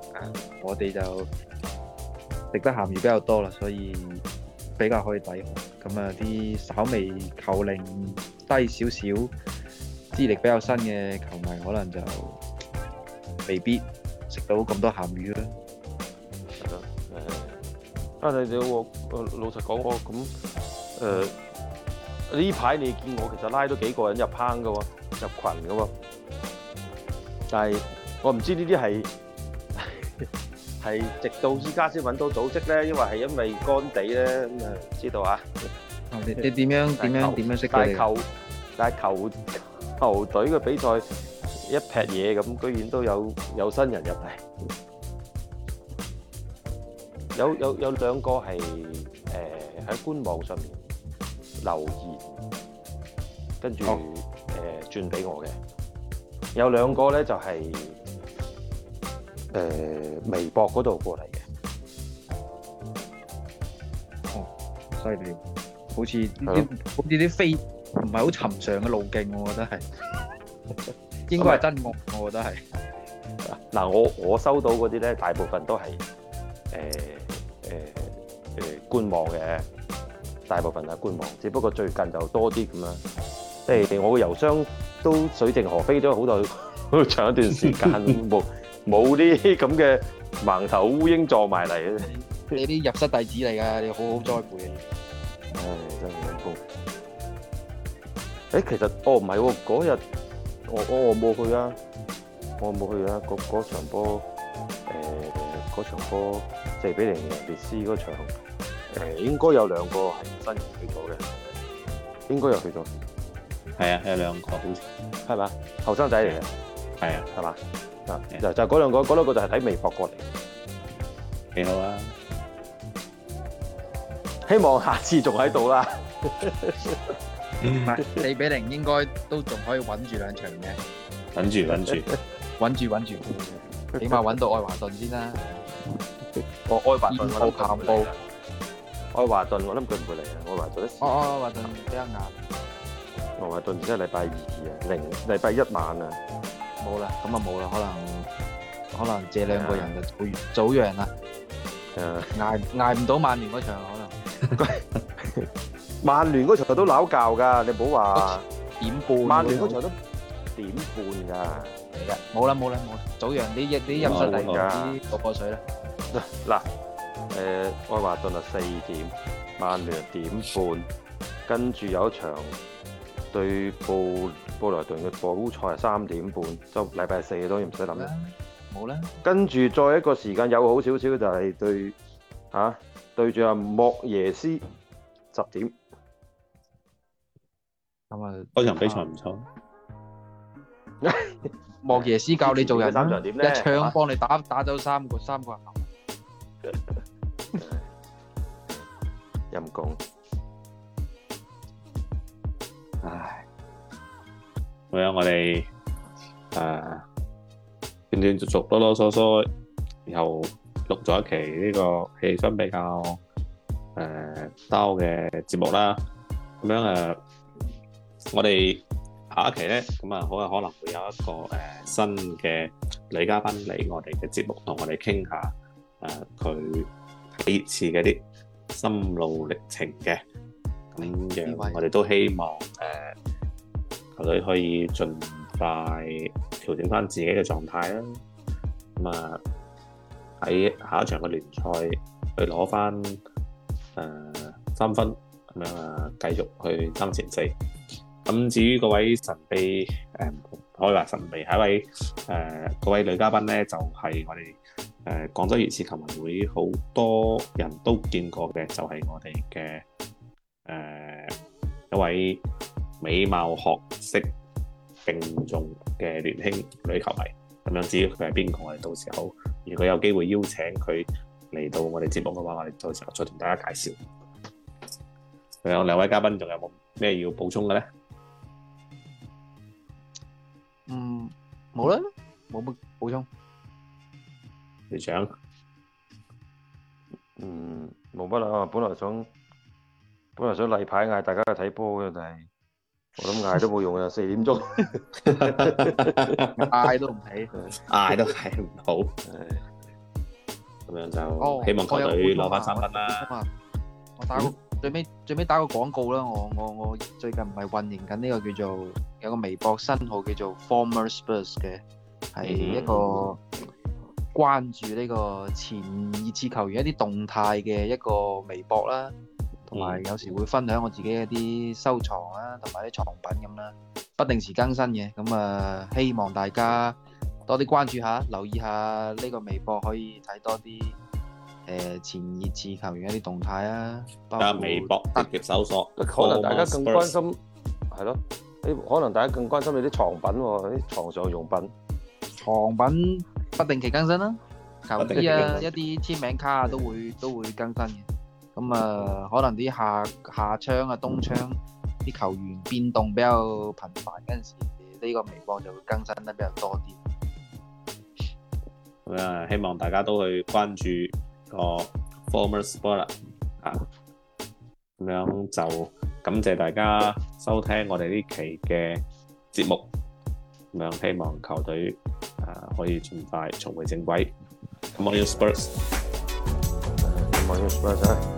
我哋就食得鹹魚比較多啦，所以。比較可以抵，咁啊啲稍微球齡低少少、資歷比較新嘅球迷可能就未必食到咁多鹹魚啦。係、嗯、咯，誒、嗯，啊你哋老實講我咁誒呢排你見我其實拉咗幾個人入坑嘅喎，入群嘅喎，但係我唔知呢啲係。 係直到依家先揾到組織咧，因為係因為干地咧咁啊，知道啊？你點樣點樣點樣識球？但係球隊嘅比賽一劈嘢咁，居然都有有新人入嚟，有有有兩個係誒喺官網上面留言，跟住誒轉俾我嘅，有兩個咧就係。誒、呃、微博嗰度過嚟嘅，哦犀利，好似呢啲好似啲飛，唔係好尋常嘅路徑，我覺得係 應該係真嘅， 我覺得係嗱，我我收到嗰啲咧，大部分都係誒誒誒觀望嘅，大部分係觀望，只不過最近就多啲咁啦，即係、呃、我嘅郵箱都水靜河飛咗好耐，好長一段時間冇。 冇啲咁嘅盲頭烏蠅撞埋嚟啊！你啲入室弟子嚟噶，你好好栽培啊！唉，真係唔通。誒、欸，其實，哦唔係喎，嗰日、哦、我我冇去啊，我冇去啊。嗰場波，誒、呃、嗰場波、呃，謝比尼列斯嗰場，誒、呃、應該有兩個係新人去到嘅，應該有去到。係啊，有兩個，係咪？後生仔嚟嘅，係啊，係嘛？就就嗰兩個，嗰兩個就係睇微博過嚟。幾好啊，希望下次仲喺度啦。唔係四比零應該都仲可以穩住兩場嘅。穩住穩住，穩住穩住，起碼穩到愛華頓先啦。我愛華頓，我諗佢唔會嚟啊。愛華頓，哦哦愛華頓比較難。愛華頓即係禮拜二啊，零禮拜一晚啊。冇啦，咁啊冇啦，可能可能借兩個人就早早揚啦，挨挨唔到曼聯嗰場可能， 曼聯嗰場都嗌交噶，你唔好話點半，曼聯嗰場都點半火火、嗯、啊，冇啦冇啦，早揚你你入唔得嚟噶，過過水啦，嗱，誒愛華頓啊四點，曼聯點半，跟住有一場。對布布萊頓嘅補賽係三點半，就禮拜四都唔使諗啦。冇、啊、啦。跟住再一個時間有好少少嘅就係對，吓、啊、對住阿莫耶斯十點。咁啊，場比賽唔錯。 莫耶斯教你做人啦、啊啊，三場點呢，一場幫你打打走三個 三個人。陰 功。唉，咁樣我哋呃斷斷續續囉囉嗦嗦，又錄咗一期呢個氣氛比較誒 dull 嘅節目啦。咁樣呃、啊、我哋下一期呢，咁、嗯、好有可能會有一個、啊、新嘅女嘉賓嚟我哋嘅節目，同我哋傾下誒佢、啊、次的嘅啲心路歷程嘅。咁我哋都希望誒、呃、球隊可以盡快調整翻自己嘅狀態啦。咁啊喺下一場嘅聯賽去攞翻誒三分咁樣啊，繼、呃、續去爭前四。咁至於嗰位神秘誒，可以話神秘係一位誒，呃、各位女嘉賓咧，就係、是、我哋誒廣州熱刺球迷會好多人都見過嘅，就係、是、我哋嘅。呃一位美貌學識並重嘅年輕女球迷，咁樣知佢係邊個？到時候如果有機會邀請佢嚟到我哋節目嘅話，我哋到時候再同大家介紹。仲有兩位嘉賓，仲有冇咩要補充嘅呢？嗯，冇啦，冇乜補充。隊長。嗯，冇乜啦，我本來想。本來想例牌嗌大家去睇波嘅，但係我諗嗌 都冇用啊！四點鐘嗌都唔睇，嗌都睇唔到，咁樣就、哦、希望球隊攞翻三分啦。我打最尾最尾打個廣告啦，我我我最近唔係運營緊呢個叫做有個微博新號叫做 Former Spurs 嘅，係一個關注呢個前熱刺球員一啲動態嘅一個微博啦。同埋有，有時會分享我自己一啲收藏啊，同埋啲藏品咁、啊、啦，不定時更新嘅，咁、嗯、啊希望大家多啲關注下，留意下呢個微博可以睇多啲誒、呃、前熱刺球員一啲動態啊。包括微博得別搜索，啊、可能大家更關心係咯、欸，可能大家更關心你啲藏品喎、啊，啲、欸、床上用品。藏品不定期更新啦、啊，球衣啊，一啲簽名卡啊都會都會更新嘅。咁、嗯、啊，可能啲下夏窗啊、冬窗啲球員變動比較頻繁嗰陣時，呢、這個微博就會更新得比較多啲。咁啊，希望大家都去關注個 Former Sports 啊，咁樣就感謝大家收聽我哋呢期嘅節目。咁樣希望球隊、啊、可以盡快重回正軌。Come on you Spurs！Come on you Spurs！Eh?